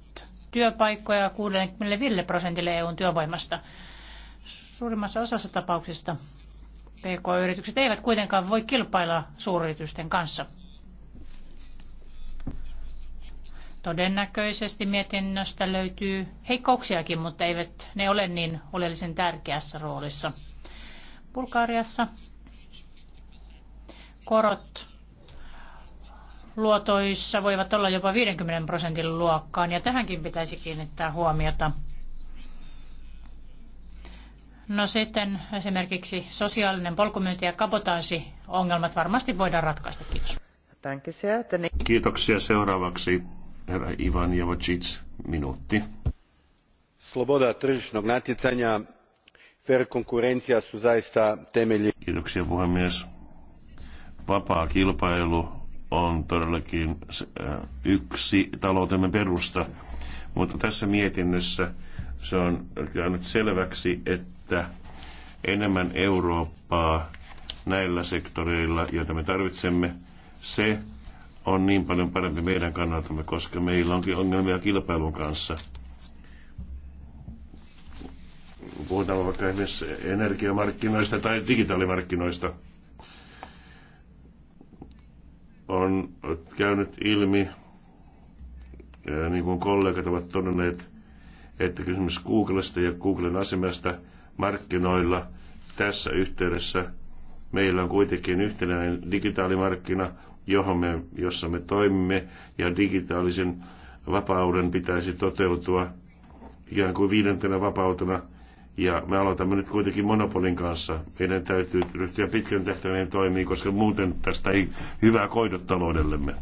työpaikkoja 65 prosentille EUn työvoimasta. Suurimmassa osassa tapauksista PK-yritykset eivät kuitenkaan voi kilpailla suuryritysten kanssa. Todennäköisesti mietinnöstä löytyy heikkouksiakin, mutta eivät ne ole niin oleellisen tärkeässä roolissa. Bulgariassa korot luotoissa voivat olla jopa 50 prosentin luokkaan, ja tähänkin pitäisi kiinnittää huomiota. No sitten esimerkiksi sosiaalinen polkumyynti ja kabotaasi ongelmat varmasti voidaan ratkaista. Kiitos. Kiitoksia. Seuraavaksi minuutti. Sloboda tržišnog natjecanja, fair konkurencija su zaista temelji. Kiitoksia puhemies. Vapaa kilpailu on todellakin äh, yksi taloutemme perusta, mutta tässä mietinnössä se on käynyt selväksi, että enemmän Eurooppaa näillä sektoreilla, joita me tarvitsemme, se on niin paljon parempi meidän kannaltamme, koska meillä onkin ongelmia kilpailun kanssa. Puhutaan vaikka esimerkiksi energiamarkkinoista tai digitaalimarkkinoista. On käynyt ilmi, ja niin kuin kollegat ovat todenneet, että kysymys Googlesta ja Googlen asemasta markkinoilla tässä yhteydessä meillä on kuitenkin yhtenäinen digitaalimarkkina, johon me, jossa me toimimme, ja digitaalisen vapauden pitäisi toteutua ikään kuin viidentenä vapautena, ja me aloitamme nyt kuitenkin monopolin kanssa. Meidän täytyy ryhtyä pitkän tehtävien toimiin, koska muuten tästä ei hyvää koidu taloudellemme.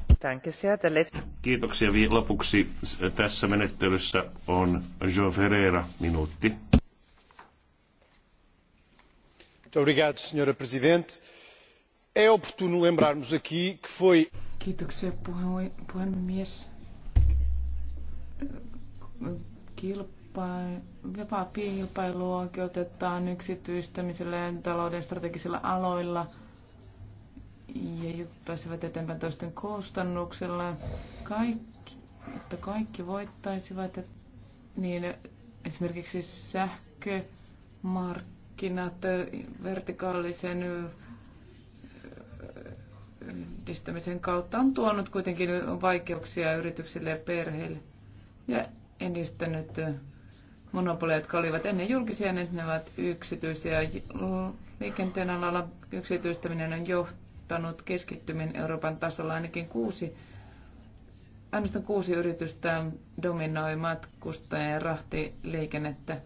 Kiitoksia lopuksi. Tässä menettelyssä on Jo Ferreira, minuutti. Obrigado, senhora Presidente. É oportuno lembrarmos aqui que foi... vapaa kilpailu oikeutetaan yksityistämisellä ja talouden strategisilla aloilla ja jotkut pääsevät eteenpäin toisten kustannuksella. Kaikki, että kaikki voittaisivat, että niin esimerkiksi sähkömarkkinat vertikaalisen yhdistämisen kautta on tuonut kuitenkin vaikeuksia yrityksille ja perheille ja edistänyt monopoleja, jotka olivat ennen julkisia, nyt ne ovat yksityisiä. Liikenteen alalla yksityistäminen on johtanut keskittyminen Euroopan tasolla ainakin kuusi ainoastaan kuusi yritystä dominoi matkustajien ja rahtiliikennettä.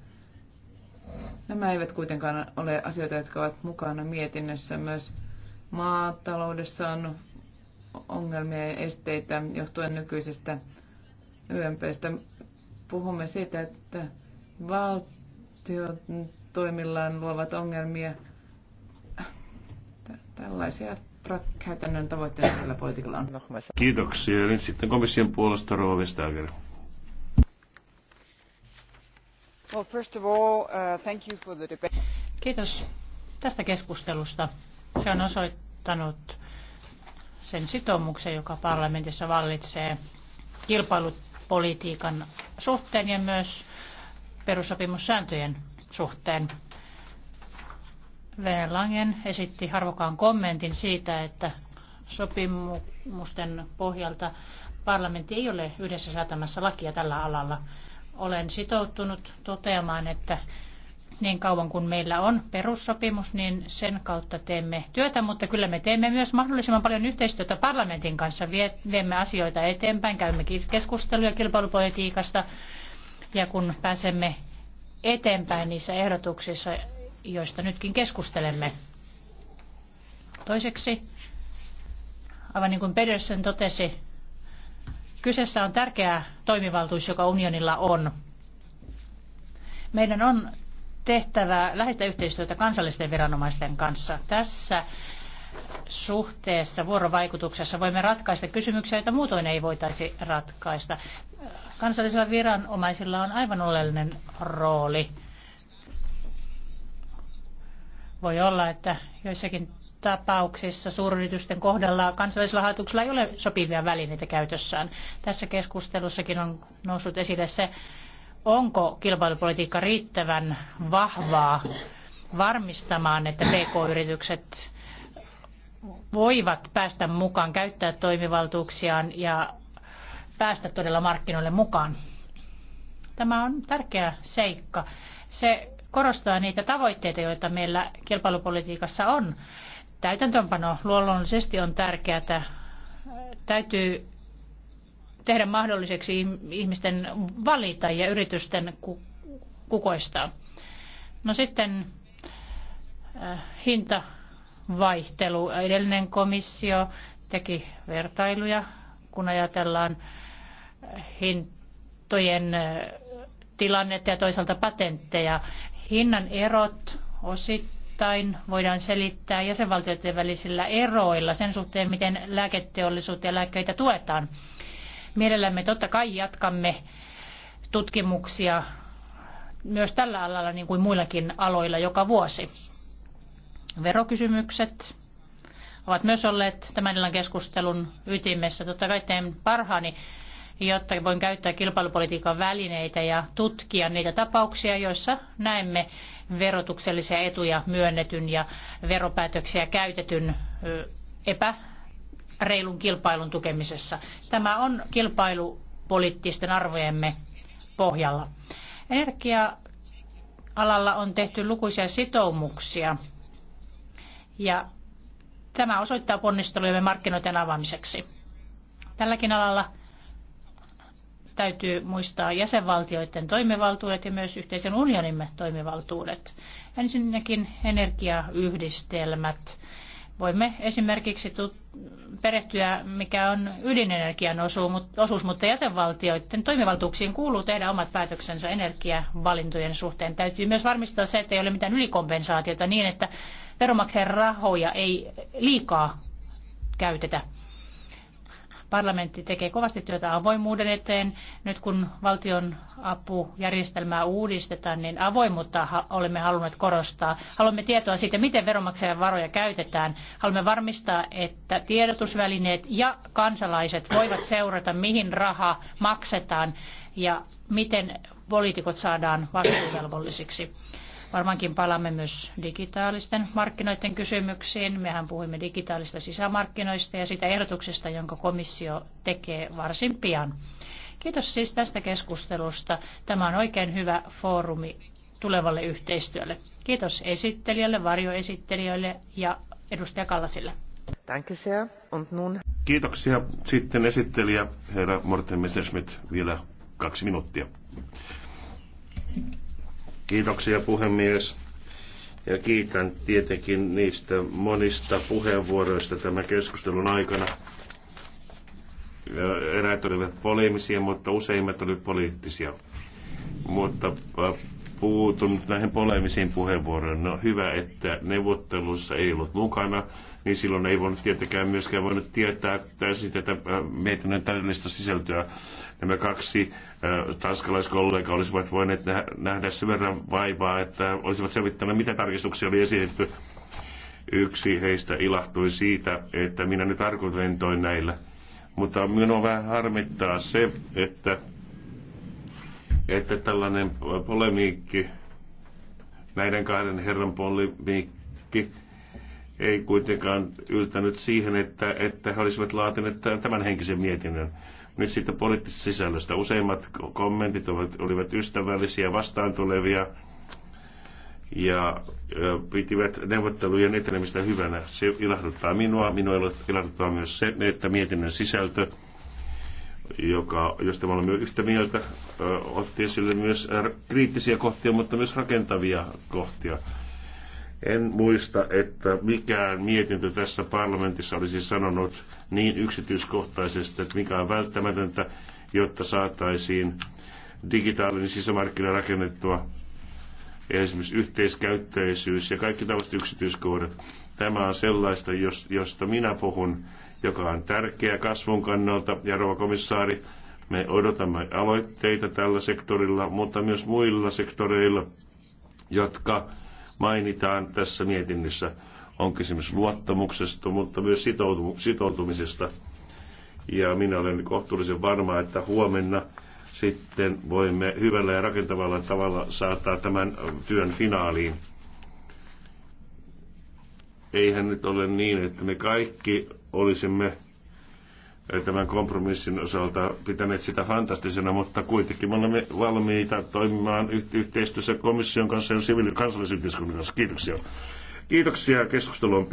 Nämä eivät kuitenkaan ole asioita, jotka ovat mukana mietinnössä myös Maataloudessa on ongelmia ja esteitä johtuen nykyisestä YMPstä. Puhumme siitä, että valtiot toimillaan luovat ongelmia. Tällaisia käytännön tavoitteita tällä politiikalla on. Kiitoksia. Nyt sitten komission puolesta Rova Vestager. Well, first of all, uh, thank you for the debate. Kiitos tästä keskustelusta. Se on osoittanut sen sitoumuksen, joka parlamentissa vallitsee kilpailupolitiikan suhteen ja myös perussopimussääntöjen suhteen. Venäjän Langen esitti harvokaan kommentin siitä, että sopimusten pohjalta parlamentti ei ole yhdessä säätämässä lakia tällä alalla. Olen sitoutunut toteamaan, että niin kauan kuin meillä on perussopimus, niin sen kautta teemme työtä, mutta kyllä me teemme myös mahdollisimman paljon yhteistyötä parlamentin kanssa. Viemme asioita eteenpäin, käymme keskusteluja kilpailupolitiikasta ja kun pääsemme eteenpäin niissä ehdotuksissa, joista nytkin keskustelemme. Toiseksi, aivan niin kuin Pedersen totesi, kyseessä on tärkeä toimivaltuus, joka unionilla on. Meidän on tehtävä läheistä yhteistyötä kansallisten viranomaisten kanssa. Tässä suhteessa, vuorovaikutuksessa voimme ratkaista kysymyksiä, joita muutoin ei voitaisi ratkaista. Kansallisilla viranomaisilla on aivan oleellinen rooli. Voi olla, että joissakin tapauksissa suuryritysten kohdalla kansallisilla hallituksilla ei ole sopivia välineitä käytössään. Tässä keskustelussakin on noussut esille se, onko kilpailupolitiikka riittävän vahvaa varmistamaan, että PK-yritykset voivat päästä mukaan, käyttää toimivaltuuksiaan ja päästä todella markkinoille mukaan. Tämä on tärkeä seikka. Se korostaa niitä tavoitteita, joita meillä kilpailupolitiikassa on. Täytäntöönpano luonnollisesti on tärkeää. Täytyy tehdä mahdolliseksi ihmisten valita ja yritysten kukoistaa. No sitten äh, hintavaihtelu. Edellinen komissio teki vertailuja, kun ajatellaan äh, hintojen äh, tilannetta ja toisaalta patentteja. Hinnan erot osittain voidaan selittää jäsenvaltioiden välisillä eroilla sen suhteen, miten lääketeollisuutta ja lääkkeitä tuetaan. Mielellämme totta kai jatkamme tutkimuksia myös tällä alalla niin kuin muillakin aloilla joka vuosi. Verokysymykset ovat myös olleet tämän illan keskustelun ytimessä. Totta kai teen parhaani, jotta voin käyttää kilpailupolitiikan välineitä ja tutkia niitä tapauksia, joissa näemme verotuksellisia etuja myönnetyn ja veropäätöksiä käytetyn epä reilun kilpailun tukemisessa. Tämä on kilpailupoliittisten arvojemme pohjalla. Energia-alalla on tehty lukuisia sitoumuksia ja tämä osoittaa ponnistelujemme markkinoiden avaamiseksi. Tälläkin alalla täytyy muistaa jäsenvaltioiden toimivaltuudet ja myös yhteisen unionimme toimivaltuudet. Ensinnäkin energiayhdistelmät Voimme esimerkiksi perehtyä, mikä on ydinenergian osuus, mutta jäsenvaltioiden toimivaltuuksiin kuuluu tehdä omat päätöksensä energiavalintojen suhteen. Täytyy myös varmistaa se, että ei ole mitään ylikompensaatiota niin, että veronmaksajan rahoja ei liikaa käytetä. Parlamentti tekee kovasti työtä avoimuuden eteen. Nyt kun valtion apujärjestelmää uudistetaan, niin avoimuutta olemme halunneet korostaa. Haluamme tietoa siitä, miten veronmaksajan varoja käytetään. Haluamme varmistaa, että tiedotusvälineet ja kansalaiset voivat seurata, mihin raha maksetaan ja miten poliitikot saadaan vastuuvelvollisiksi. Varmaankin palaamme myös digitaalisten markkinoiden kysymyksiin. Mehän puhuimme digitaalista sisämarkkinoista ja sitä ehdotuksesta, jonka komissio tekee varsin pian. Kiitos siis tästä keskustelusta. Tämä on oikein hyvä foorumi tulevalle yhteistyölle. Kiitos esittelijälle, varjoesittelijöille ja edustaja Kallasille. Kiitoksia. Sitten esittelijä herra Morten Messerschmidt vielä kaksi minuuttia. Kiitoksia puhemies ja kiitän tietenkin niistä monista puheenvuoroista tämän keskustelun aikana. Eräät olivat poliimisia, mutta useimmat olivat poliittisia. Mutta äh, puutun näihin poleemisiin puheenvuoroihin. No hyvä, että neuvottelussa ei ollut mukana, niin silloin ei voinut tietenkään myöskään voinut tietää täysin tätä äh, mietinnön täydellistä sisältöä nämä kaksi tanskalaiskollega olisivat voineet nähdä sen verran vaivaa, että olisivat selvittäneet, mitä tarkistuksia oli esitetty. Yksi heistä ilahtui siitä, että minä nyt argumentoin näillä. Mutta minua vähän harmittaa se, että, että tällainen polemiikki, näiden kahden herran polemiikki, ei kuitenkaan yltänyt siihen, että, että he olisivat laatineet tämän henkisen mietinnön. Nyt siitä poliittisesta sisällöstä useimmat kommentit olivat ystävällisiä, vastaan tulevia ja pitivät neuvottelujen etenemistä hyvänä. Se ilahduttaa minua. Minua ilahduttaa myös se, että mietinnön sisältö, joka, josta me olemme yhtä mieltä, otti esille myös kriittisiä kohtia, mutta myös rakentavia kohtia. En muista, että mikään mietintö tässä parlamentissa olisi sanonut niin yksityiskohtaisesti, että mikä on välttämätöntä, jotta saataisiin digitaalinen sisämarkkina rakennettua, esimerkiksi yhteiskäyttöisyys ja kaikki tällaiset yksityiskohdat. Tämä on sellaista, josta minä puhun, joka on tärkeä kasvun kannalta, ja rouva komissaari, me odotamme aloitteita tällä sektorilla, mutta myös muilla sektoreilla, jotka mainitaan tässä mietinnössä. On kysymys luottamuksesta, mutta myös sitoutumisesta. Ja minä olen kohtuullisen varma, että huomenna sitten voimme hyvällä ja rakentavalla tavalla saattaa tämän työn finaaliin. Eihän nyt ole niin, että me kaikki olisimme tämän kompromissin osalta pitäneet sitä fantastisena, mutta kuitenkin me olemme valmiita toimimaan yhteistyössä komission kanssa ja kansallisyhteiskunnan kanssa. Kiitoksia. Kiitoksia. keskustelun